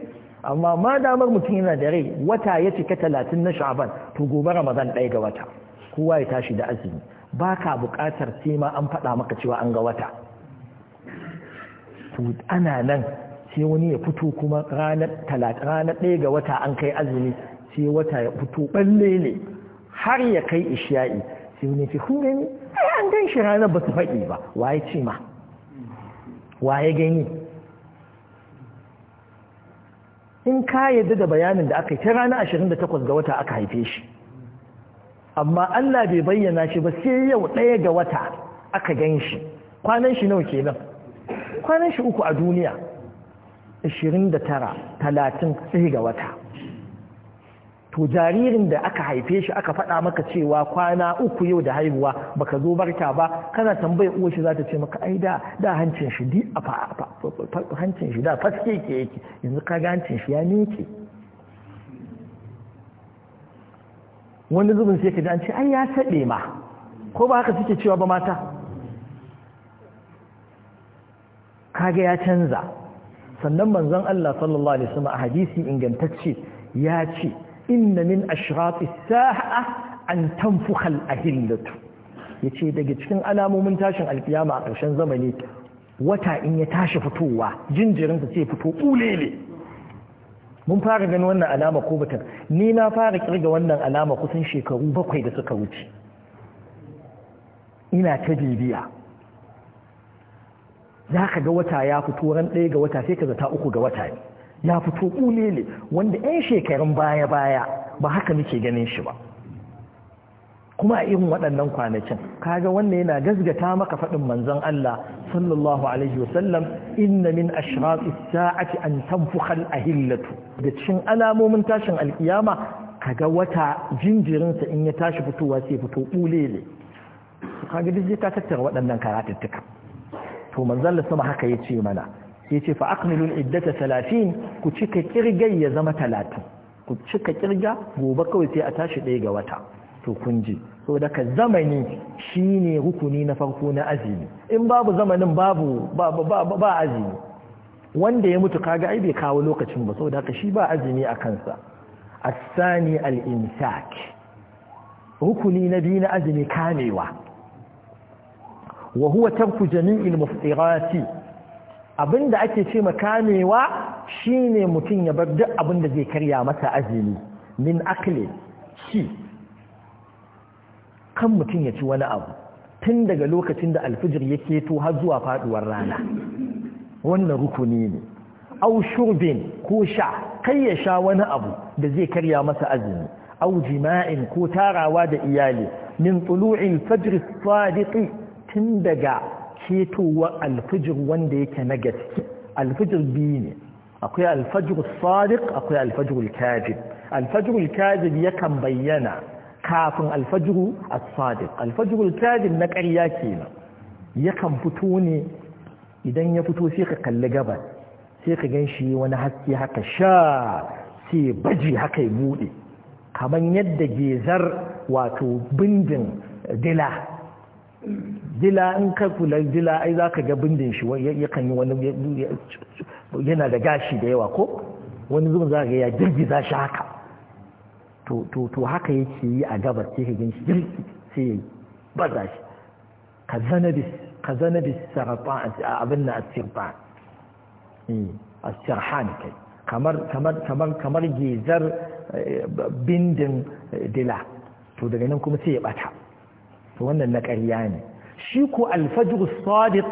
amma ma damar mutum yana da rai wata ya cika talatin na sha'aban to gobe ramadan ɗaya ga wata kowa ya tashi da azumi ba ka buƙatar sai ma an faɗa maka cewa an ga wata to ana nan sai wani ya fito kuma ranar ɗaya ga wata an kai azumi sai wata ya fito ɓalle ne har ya kai isha'i sai ne fi kun gani ai an gan shi ranar ba su faɗi ba waye ce ma waye gani in ka yadda da bayanin da aka yi ta ranar 28 ga wata aka haife shi amma Allah bai bayyana shi ba sai yau ɗaya ga wata aka gan shi kwanan shi nawa kenan kwanan shi uku a duniya 29 30 sai ga wata to jaririn da aka haife shi aka faɗa maka cewa kwana uku yau da haihuwa baka zo barka ba kana tambayar uwar shi za ta ce maka ai da da hancin shi di a hancin shi da faske ke yake yanzu ka ga hancin shi ya miƙe wani zubin sai ka ji an ce ai ya saɗe ma ko ba haka suke cewa ba mata kaga ya canza sannan manzon Allah sallallahu alaihi wasallam a hadisi ingantacce ya ce inna min ashratis sa'a an tanfukha al-ahillatu yace daga cikin alamomin tashin alkiyama a ƙarshen zamani wata in ya tashi fitowa jinjirin ta ce fito kulele mun fara ganin wannan alama ko bata ni na fara kirga wannan alama kusan shekaru bakwai da suka wuce ina ta bibiya za ka ga wata ya fito ran ɗaya ga wata sai ka zata uku ga wata ne ya fito ƙulele wanda 'yan shekarun baya-baya ba haka muke ganin shi ba kuma a irin waɗannan kwanakin kaga wannan yana gazgata maka faɗin manzon Allah sallallahu alaihi wasallam inna min ashraqi sa'ati an tanfukha al-ahillatu da cikin alamomin tashin alkiyama kaga wata jinjirinsa in ya tashi fitowa sai fito ƙulele kaga duk ta tattara waɗannan karatuttuka to manzon Allah sama haka yace mana yace fa aqmilul iddata 30 ku cika kirgai ya zama 30 ku cika kirga gobe kawai sai a tashi ɗaya ga wata to kun ji so ka zamani shine rukuni na farko na azumi in babu zamanin babu ba ba azumi wanda ya mutu kaga ai bai kawo lokacin ba saboda ka shi ba azumi a kansa as-sani al-imsak rukuni na biyu na azumi kamewa wa huwa tarku jami'il muftirati abin da ake ce makamewa shine mutum ya bar duk abin da zai karya masa azumi min akle shi kan mutum ya ci wani abu tun daga lokacin da alfijir ya keto har zuwa faduwar rana wannan rukuni ne au shurbin ko sha kai ya sha wani abu da zai karya masa azumi au jima'in ko tarawa da iyali min tulu'il fajr sadiqi tun daga ketowar alfijir wanda yake na gaske alfijir biyu ne akwai alfajir sadiq akwai alfajir kajib alfajir kajib yakan bayyana kafin alfajir sadiq alfajir kajib na ƙarya kenan yakan fito ne idan ya fito sai ka kalli gabas sai ka gan shi wani haske haka sha sai baji haka ya buɗe kamar yadda gezar wato bindin dila dila in ka kula dila ai za ka ga bindin shi yakan yi wani yana da gashi da yawa ko wani zubin za ka ga ya girgiza shi haka to haka yake yi a gabar sai ka gan shi girgi sai ya yi baza shi ka zana bis a abin na asirfan eh, asirhan kai kamar kamar kamar kamar gezar eh, bindin eh, dila to daga nan kuma sai ya bata to wannan na ƙarya ne shi ko alfajr sadiq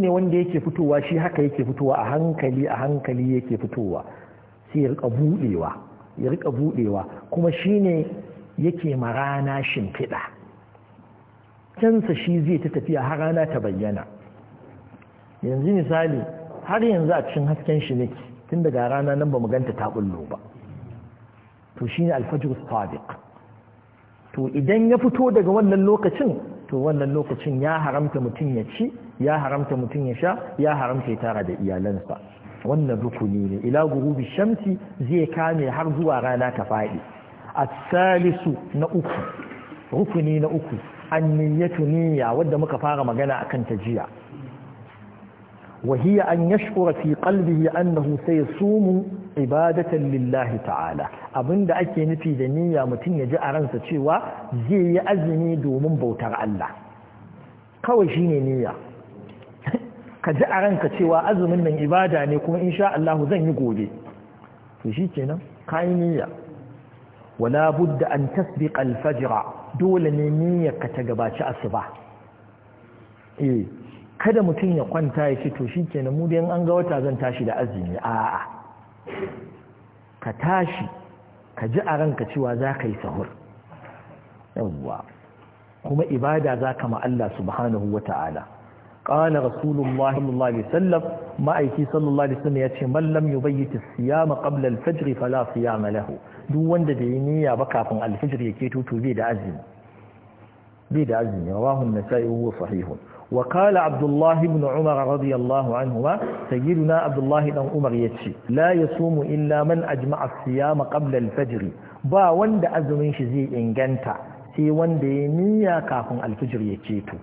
ne wanda yake fitowa shi haka yake fitowa a hankali a hankali yake fitowa sai ya rika buɗewa, ya rika buɗewa. kuma shine yake marana shimfiɗa cansa shi zai ta tafiya har rana ta bayyana yanzu misali har yanzu a cikin hasken shi ne tun daga rana nan ba mu ganta ta bullo ba to ne alfajr sadiq to idan ya fito daga wannan lokacin to wannan lokacin ya haramta mutum ya ci ya haramta mutum ya sha ya haramta ya tara da iyalansa wannan rukuni ne ila gurubi shamsi zai kame har zuwa rana ta faɗi A salisu na uku rukuni na uku an niyyatu niyya wadda muka fara magana akan tajiya jiya وهي أن يشعر في قلبه أنه سيصوم عبادة لله تعالى أبن دا أكي نفي دنيا متن يجاء رنسة شوى زي أزمي دومن بوتر الله kawai shi ne niyya ka ji a ranka cewa azumin nan ibada ne kuma insha Allah zan yi gobe to shi kenan kayi niyya wala budda an tasbiqa al dole ne niyyar ka ta gabaci asuba e. kada mutum ya kwanta ya ce to shi kenan mu dai an ga wata zan tashi da azumi A'a ka tashi ka ji a ranka cewa za ka yi sahur yawwa kuma ibada za ka ma'alla subhanahu wa ta'ala ƙana rasulun mahimmanu da sallam ma'aiki sallallahu alaihi wasallam ya ce mallam yi bayyata siya maƙabla alfajiri fala siya malahu duk wanda da yi niyya ba kafin alfajiri ya keto to bai da azumi bai da azumi rawahun nasa'i wa sahihun وقال عبد الله بن عمر رضي الله عنهما سيدنا عبد الله بن عمر يتشي لا يصوم إلا من أجمع الصيام قبل الفجر با وند أزمين شزي إنجنتا سي وند نيا كافن الفجر يتشيتو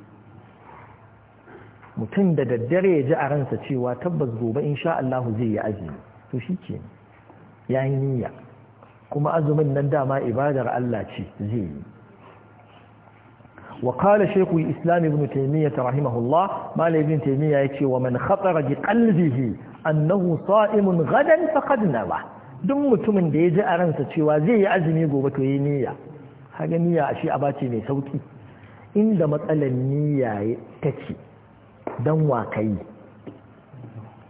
mutum da daddare ya ji a ransa cewa tabbas gobe insha Allah zai yi azumi to shi ke ya yi niyya kuma azumin nan dama ibadar Allah ce zai yi wa kala shekwu islami ibn taimiyya ta rahimahullah mala ibn taimiyya ya ce wa man khatara kalbihi annahu sa'imun gadan faqad nawa duk mutumin da ya ji a ransa cewa zai yi azumi gobe to yi niyya haga niyya a shi a bace mai sauki inda matsalan niyya ta ce don wa ka yi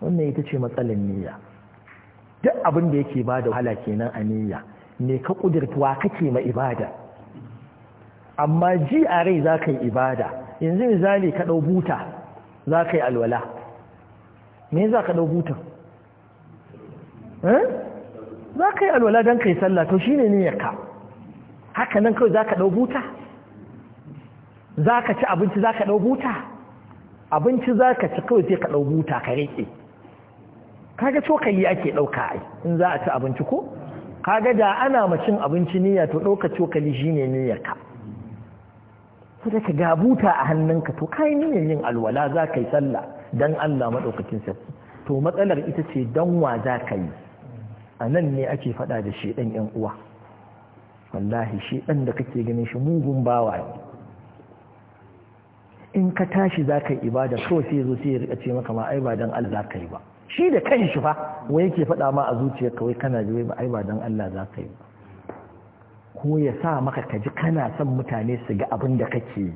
wannan ita ce matsalan niyya duk abinda yake ba da wahala kenan a niyya me ka kudurtuwa kake ma ibada amma ji a rai za ka yi ibada yanzu misali ka ɗau buta za ka yi alwala me za ka ɗau buta? Eh? za ka yi alwala don ka yi sallah to shine ne yaka haka nan kawai za ka ɗau buta za ka ci abinci za ka ɗau buta abinci za ka ci kawai sai ka ɗau buta ka riƙe kaga cokali ake ɗauka ai in za a ci abinci ko kaga da ana macin abinci niyya to ɗauka cokali shi ne niyyarka sai ka ga buta a hannunka to kai ne yin alwala za ka yi sallah dan Allah madaukakin sarki to matsalar ita ce dan wa za ka yi a nan ne ake faɗa da shi ɗan ‘yan uwa wallahi shi ɗan da kake ganin shi mugun bawa ne in ka tashi za ka yi ibada kawai sai zo sai ya rika ce maka ma ai ba don Allah ka yi ba shi da kai shi fa wai yake faɗa ma a zuciyarka kawai kana ji wai ba ai ba don Allah za ka yi ba ko ya sa maka ka ji kana son mutane su ga abin da kake yi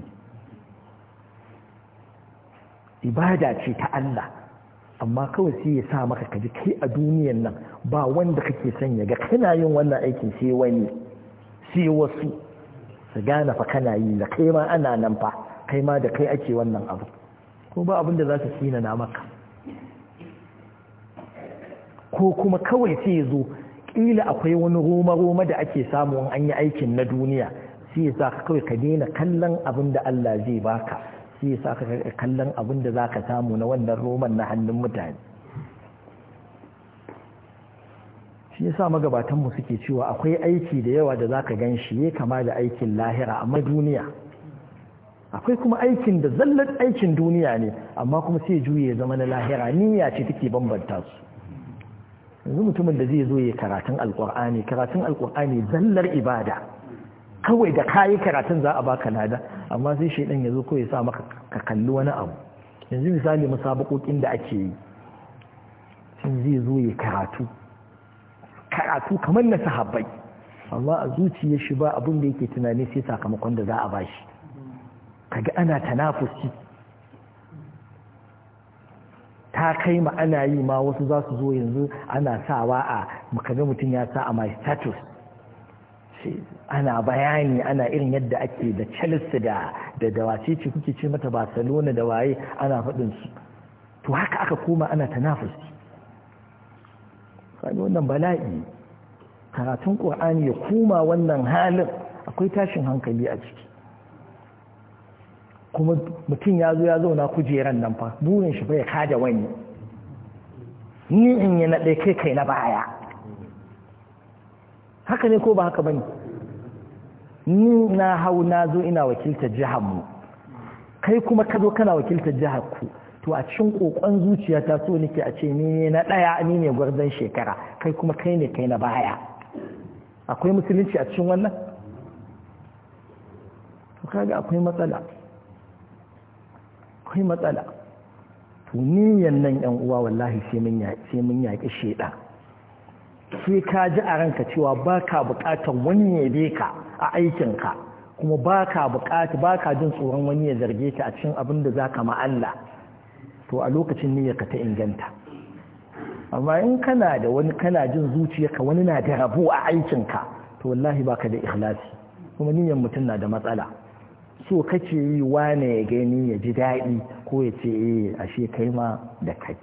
ibada ce ta Allah amma kawai sai ya sa maka ka ji kai a duniyan nan ba wanda kake son ya ga kana yin wannan aikin sai wani sai wasu su gane fa kana yi da kai ma ana nan fa kai ma da kai ake wannan abu ko ba abin da za su sina na maka ko kuma kawai sai ya zo kila akwai wani roma-roma da ake samu an yi aikin na duniya sai ya sa kawai ka daina kallon abin da Allah zai baka sai ya sa ka kallon abin da za ka samu na wannan roman na hannun mutane shi ya sa magabatanmu suke cewa akwai aiki da yawa da za ka gan shi ya kama da aikin lahira amma duniya akwai kuma aikin da zallar aikin duniya ne amma kuma sai juye zama na lahira niyya ce take bambanta su yanzu mutumin da zai zo ya karatun alkur'ani karatun alkur'ani zallar ibada kawai da kayi karatun za a baka lada amma sai shaidan ya zo ko ya sa maka ka kalli wani abu yanzu misali musabakokin da ake yi sun zai zo ya karatu karatu kamar na sahabbai amma a zuciyar shi ba abin da yake tunani sai sakamakon da za a ba bashi kaga ana tanafusi ta kai ma ana yi ma wasu za su zo yanzu ana sawa a makamai mutum ya sa a my status ana bayani ana irin yadda ake da chelsea da da dawaci ce kuke ce mata barcelona da waye ana faɗin su to haka aka koma ana tanafusi kaji wannan bala'i karatun ƙur'ani ya koma wannan halin akwai tashin hankali a ciki kuma mutum ya zo ya zauna kujeran nan fa burin shi bai kada wani ni in ya na ɗaya kai na baya haka ne ko ba haka bane ni na hau na zo ina wakiltar jihar mu kai kuma ka zo kana wakiltar jihar ku to a cikin kokon zuciya ta so nake a ce ni ne na ɗaya ni ne gwarzon shekara kai kuma kai ne kai na baya akwai musulunci a cikin wannan kaga akwai matsala akwai matsala to nan yan uwa wallahi sai mun yaƙi sheɗa sai ka ji a ranka cewa baka ka buƙatar wani ya be ka a aikinka kuma baka buƙata ba jin tsoron wani ya zarge ka a cikin abin da za ka Allah to a lokacin niyyar ka ta inganta amma in kana da wani kana jin zuciyarka wani na da rabu a aikinka to wallahi baka da ikhlasi kuma niyyar mutum na da matsala so kace yi wane ya gani ya ji daɗi ko ya ce eh ashe kai ma da kai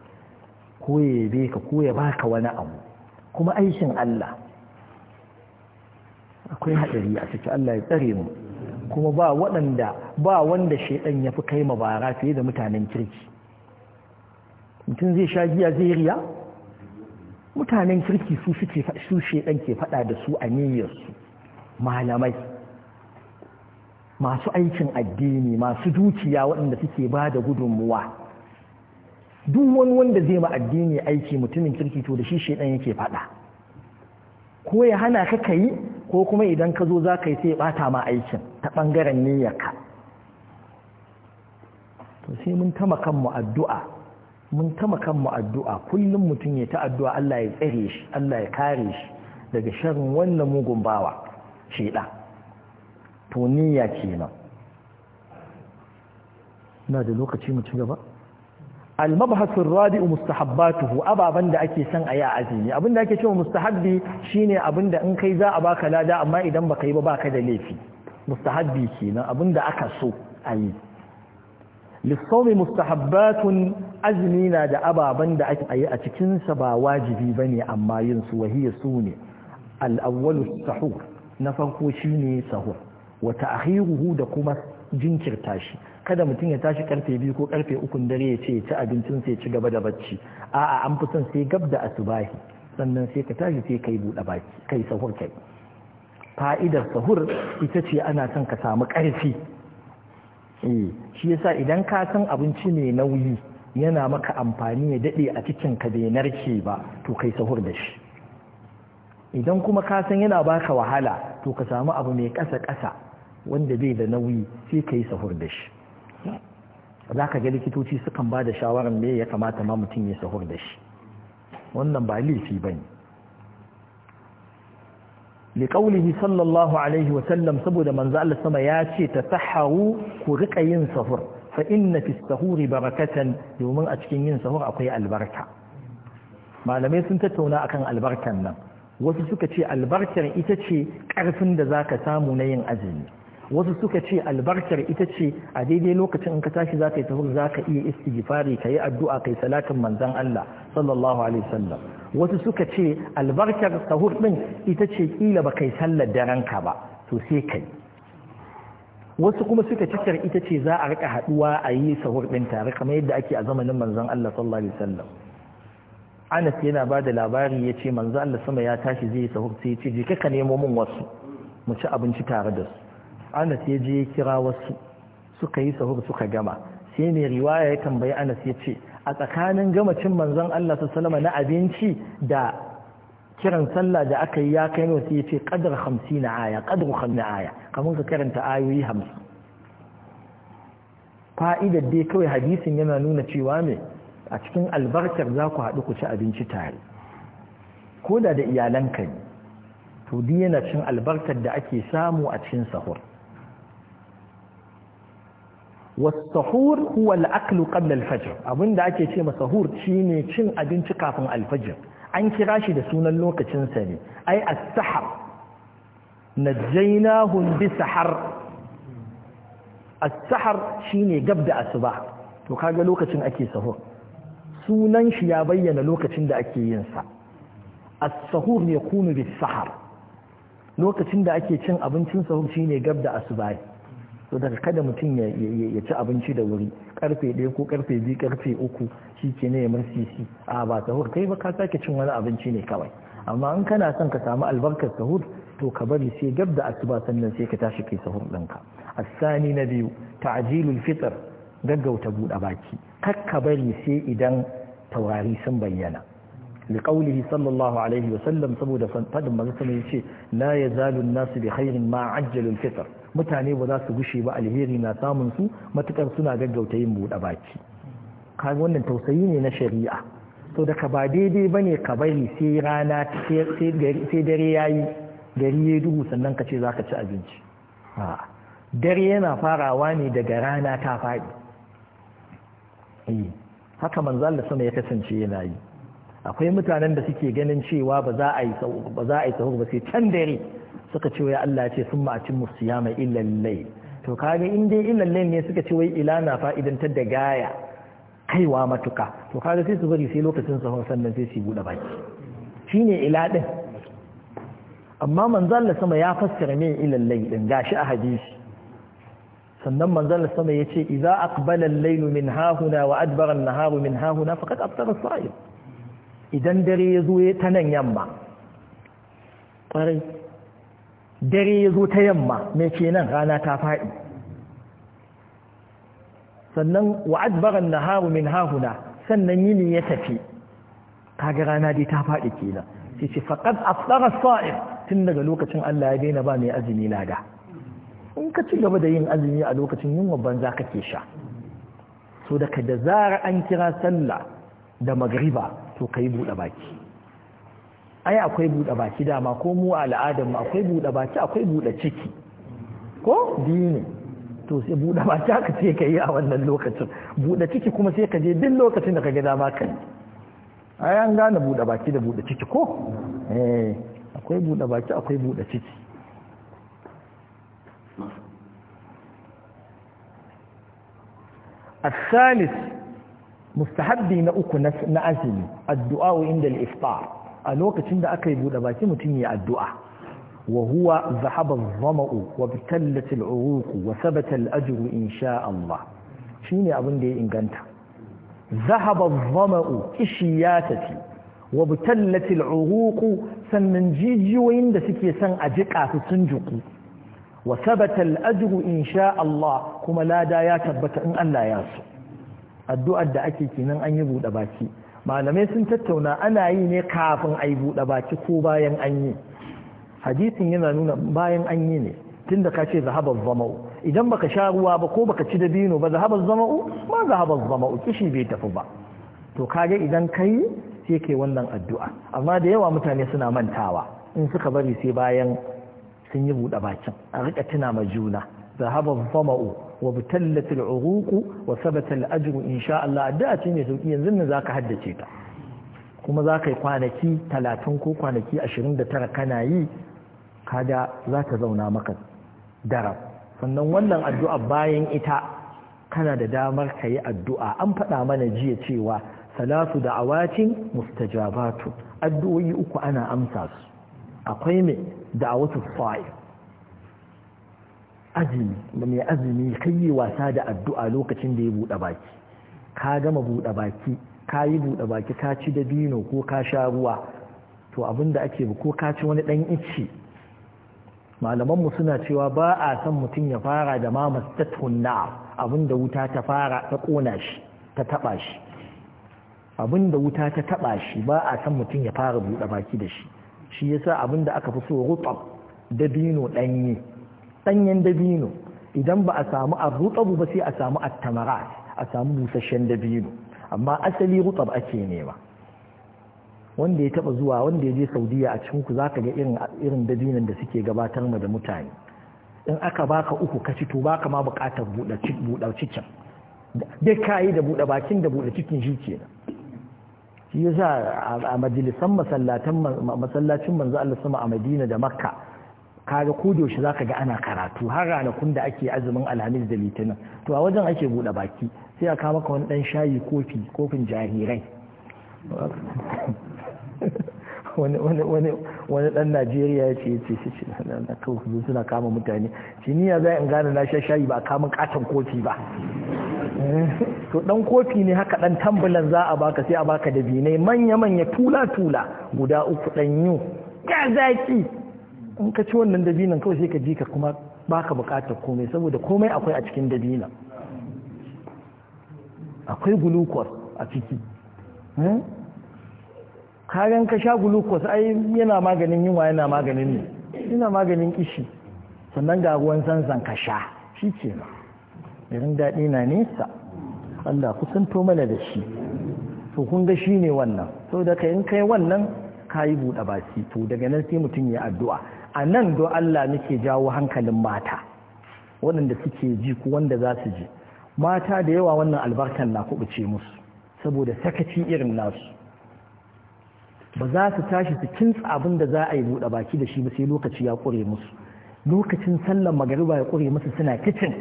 ko ya yabe ka ko ya baka wani abu kuma aikin Allah akwai haɗari a cikin Allah ya tsare mu kuma ba waɗanda ba wanda shaidan ya fi kai bara fiye da mutanen kirki mutum zai sha giya zai mutanen kirki su suke su shaidan ke faɗa da su a niyyarsu malamai masu aikin addini masu dukiya waɗanda suke ba da gudunmuwa duk wani wanda zai ma addini aiki mutumin kirki to da shi shaidan yake faɗa ko ya hana ka kayi ko kuma idan ka zo za ka yi sai ya ɓata ma aikin ta ɓangaren niyyarka to sai mun tama kanmu addu'a mun tama kanmu addu'a kullum mutum ya ta addu'a Allah ya tsare shi Allah ya kare shi daga sharrin wannan mugun bawa shaidan to niyya kenan na da lokaci mu ci gaba المبحث الرابع مستحباته ababan da ake son ayi a azumi abinda ake cewa mustahabbi shine abinda in kai za a baka lada amma idan baka yi ba baka da laifi mustahabbi kenan abinda aka so ayi lissawmi mustahabbatun azumi na da ababan da ake ayi a cikin sa ba wajibi bane amma yin su wahiya sune al-awwalu sahur na farko shine sahur wa ta'khiruhu da kuma jinkirta shi kada mutum ya tashi karfe biyu ko karfe ukun dare ya ce ya ci abincin sai ya ci gaba da bacci a'a an fi son sai gab da asubahi sannan sai ka tashi sai kai buɗe baki kai sahur kai fa'idar sahur ita ce ana son ka samu karfi eh shi yasa idan ka san abinci mai nauyi yana maka amfani ya dade a cikin ka bai narke ba to kai sahur da shi idan kuma ka san yana baka wahala to ka samu abu mai ƙasa ƙasa wanda bai da nauyi sai ka yi sahur da shi za ka ga likitoci sukan ba da shawarar me ya kamata ma mutum ya sahur da shi wannan ba laifi ba ne liƙaunihi sallallahu alaihi wasallam saboda manzo Allah sama ya ce ta tahawu ku riƙa yin sahur fa inna fi sahuri barakatan domin a cikin yin sahur akwai albarka malamai sun tattauna akan albarkan nan wasu suka ce albarkar ita ce ƙarfin da za ka samu na yin azumi wasu suka ce albarkar ita ce a daidai lokacin in ka tashi za ka yi tafur za ka iya istighfari ka yi addu'a kai salatin manzon Allah sallallahu alaihi wasallam wasu suka ce albarkar sahur din ita ce kila ba kai sallar daren ka ba to sai kai wasu kuma suka cikar ita ce za a rika haduwa a yi sahur din tare kamar yadda ake a zamanin manzon Allah sallallahu alaihi wasallam anas yana ba da labari ya ce manzo Allah sama ya tashi zai sahur sai ya ce je ka nemo min wasu mu ci abinci tare da su anas ya je ya kira wasu suka yi sahur suka gama sai mai riwaya ya tambayi anas ya ce a tsakanin gama gamacin manzon Allah sallama na abinci da kiran sallah da aka yi ya kai ne sai ya ce qadra 50 aya qadru 50 aya kamar ka karanta ayoyi 50 fa'idar dai kawai hadisin yana nuna cewa me a cikin albarkar za ku haɗu ku ci abinci tare ko da da iyalanka ne to diyana cin albarkar da ake samu a cikin sahur wasahur huwa al-aklu qabla al-fajr abinda ake ce masahur shine cin abinci kafin al an kira shi da sunan lokacinsa ne ai as-sahar najaynahum bi-sahar as-sahar shine gab da asuba to kaga lokacin ake sahur sunan shi ya bayyana lokacin da ake yin sa as-sahur kunu bis-sahar lokacin da ake cin abincin sahur shine gab da asubahi to daga kada mutum ya ci abinci da wuri karfe 1 ko karfe 2 karfe 3 shike ne ya sisi. a ba sahur kai ba ka sake cin wani abinci ne kawai amma in kana son ka samu albarkar sahur to ka bari sai gab da asuba sannan sai ka tashi kai sahur ɗinka as-sani na biyu ta'jilul fitr gaggauta buɗe baki kakka bari sai idan taurari sun bayyana sallallahu alaihi wa sallam saboda fadin manzo وسلم yace la yazalu an لا bi khairin ma ajjalu al-fitr mutane ba za su gushe ba alheri na samun su matukar suna gaggauta yin buɗe baki kai wannan tausayi ne na shari'a to da ka ba daidai bane ka bari sai rana sai dare yayi gari ya duhu sannan ka ce ka ci abinci dare yana farawa ne daga rana ta faɗi haka manzo Allah sama ya kasance yana yi akwai mutanen da suke ganin cewa ba za a yi ba za a yi sahur ba sai can dare suka ce wai Allah ce sun ma'acin musiyama illa to kaga in dai illa ne suka ce wai ila na fa'idantar da gaya kaiwa matuka to kaga sai su bari sai lokacin sahur sannan sai su bude baki shine ila din amma manzo Allah sama ya fassara me illa din gashi a hadisi sannan manzon sama yace idza aqbala al-laylu min hahuna wa adbara an-naharu min hahuna faqad aftara as-sa'im idan dare yazo ya ta nan yamma kwarai dare yazo ta yamma me kenan rana ta fadi sannan wa adbara an-naharu min hahuna sannan yini ya tafi kaga rana dai ta fadi kenan sai ce faqad aftara as-sa'im tun daga lokacin Allah ya daina ba mai azumi lada in ka ci gaba da yin azumi a lokacin yunwa banza ke sha so daga da zara an kira sallah da magriba to ka yi buɗe baki ai akwai buɗe baki dama ko mu al'adar mu akwai buɗe baki akwai buɗe ciki ko dini. to sai buɗe baki aka ce ka yi a wannan lokacin buɗe ciki kuma sai ka je duk lokacin da ka ga dama ka ai an gane buɗe baki da buɗe ciki ko eh akwai buɗe baki akwai buɗe ciki الثالث mustahabbi na uku na azumi addu'a inda al a lokacin da aka yi bude baki mutum ya addu'a wa huwa zahaba dhama'u wa bitallat al wa sabata al-ajr insha Allah shine abin da ya inganta zahaba dhama'u kishi ya tafi wa bitallat al sannan jijiyoyin da suke son a jika su sun juku wa sabata in sha Allah kuma lada ya tabbata in Allah ya so addu'ar da ake kinan an yi buɗe baki malamai sun tattauna ana yi ne kafin a yi buɗe baki ko bayan an yi hadisin yana nuna bayan an yi ne tun da ka ce zahabar zama'u idan baka sha ruwa ba ko baka ci dabino ba zahabar zama'u ma zahabar zama'u kishi bai tafi ba to kage idan ka yi sai ke wannan addu'a amma da yawa mutane suna mantawa in suka bari sai bayan sun yi buɗe bakin a riƙa tuna ma juna zahabar fama'u wa butallatul uruku wa sabatal ajru insha Allah addu'a ce mai sauki yanzu ne zaka haddace ta kuma za ka yi kwanaki talatin ko kwanaki ashirin da tara kana yi kada za ta zauna maka daram sannan wannan addu'a bayan ita kana da damar ka yi addu'a an faɗa mana jiya cewa salatu da awacin mustajabatu addu'o'i uku ana amsa su akwai mai da'awatu sa'i azumi mai azumi kai yi wasa da addu'a lokacin da ya buɗe baki ka gama buɗe baki ka yi buɗe baki ka ci dabino ko ka sha ruwa to abin da ake ko ka ci wani ɗan icci mu suna cewa ba a son mutum ya fara da mamastatun na abin da wuta ta fara ta ƙona shi ta taɓa shi abin da wuta ta taɓa shi ba a san mutum ya fara buɗe baki da shi shi yasa abin da aka fi so rutab dabino ɗanye ɗanyen dabino idan ba a samu a rutabu ba sai a samu attamara a samu busasshen dabino amma asali rutab ake nema wanda ya taba zuwa wanda ya je saudiya a cikin ku za ka ga irin dabinon da suke gabatar ma da mutane in aka baka uku ka ci to baka ma bukatar buɗa cikin dai kayi da buɗe bakin da buɗe cikin shi kenan shi yasa a majalisan masallacin manzo Allah sama a Madina da Makka kaga ko da zaka ga ana karatu har ranakun da ake azumin alhamis da litinin to a wajen ake bude baki sai a kama wani dan shayi kofi kofin jahirai wani dan Najeriya ya ce ce shi na suna kama mutane shi ni ya za in gane na sha shayi ba kamun katon kofi ba Eh, to dan kofi ne haka dan tambulan za a baka sai a baka da binai manya-manya tula-tula guda uku ɗanyu ga zaki in ka ci wannan dabinan kawai sai ka ji ka kuma baka bukatar komai saboda komai akwai a cikin dabinan akwai glucose a ciki hmm? kayan ka sha glucose ai yana maganin yunwa yana maganin ne yana maganin kishi sannan ga ruwan sansan ka sha shi kenan irin daɗi na nesa Allah kusanto mana da shi to kun ga shi ne wannan so da yin kai wannan ka yi buɗe baki to daga nan sai mutum ya addu'a a nan do Allah muke jawo hankalin mata waɗanda suke ji ko wanda za su ji mata da yawa wannan albarkan na ce musu saboda sakaci irin nasu ba za su tashi su kintsa abin da za a yi buɗe baki da shi ba sai lokaci ya ƙure musu lokacin sallan magariba ya ƙure musu suna kicin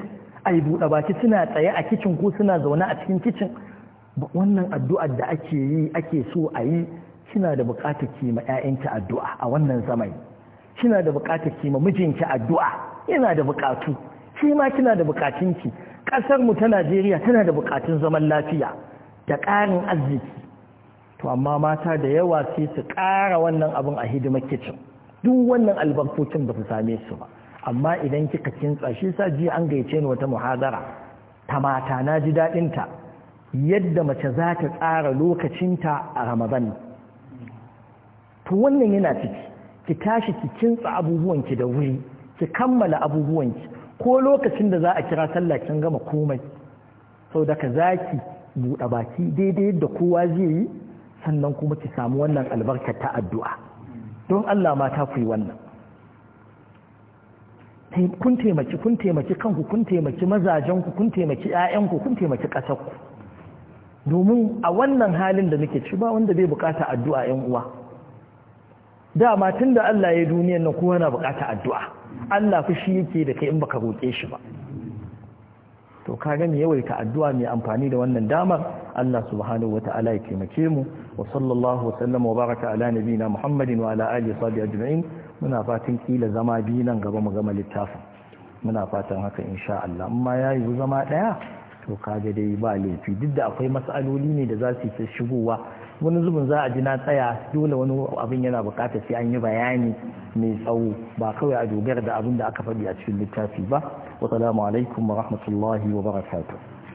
ai buɗe baki suna tsaye a kicin ko suna zaune a cikin kicin wannan addu'ar da ake yi ake so a yi kina da buƙatar ki ma ƴaƴanki addu'a a wannan zamani kina da buƙatar ki ma mijinki addu'a yana da buƙatu shi ma kina da ki ƙasar mu ta Najeriya tana da buƙatun zaman lafiya da ƙarin arziki to amma mata da yawa sai su ƙara wannan abin a hidimar kicin duk wannan albarkocin ba su same su ba amma idan kika kintsa shi sa ji an gaice ni wata muhadara ta mata na ji daɗinta yadda mace za ta tsara lokacinta a ramadan to wannan yana ciki ki tashi ki kintsa abubuwanki da wuri ki kammala abubuwanki ko lokacin da za a kira sallah kin gama komai sau da zaki buɗe baki daidai yadda kowa zai yi sannan kuma ki samu wannan albarkar ta addu'a don Allah mata ku yi wannan kun taimaki kun taimaki kanku kun taimaki mazajenku kun taimaki ƴaƴanku kun taimaki ƙasarku domin a wannan halin da nake ci ba wanda bai bukata addu'a 'yan uwa dama tun da Allah ya duniyar nan kowa na bukata addu'a Allah fi shi yake da kai in baka roƙe shi ba to ka gani yawaita addu'a mai amfani da wannan damar Allah subhanahu wata'ala ya taimake mu wa sallallahu wa sallama wa baraka ala nabiyina Muhammadin wa ala alihi wa sahbihi ajma'in muna fatan kila zama biyu nan gaba mu gama littafin muna fatan haka insha Allah amma ya yi zama ɗaya to kaga dai ba laifi duk da akwai matsaloli ne da za su ta shigowa wani zubin za a ji na tsaya dole wani abin yana bukata sai an yi bayani mai tsawo ba kawai a dogara da abin da aka faɗi a cikin littafi ba wa salamu alaikum wa rahmatullahi wa barakatuh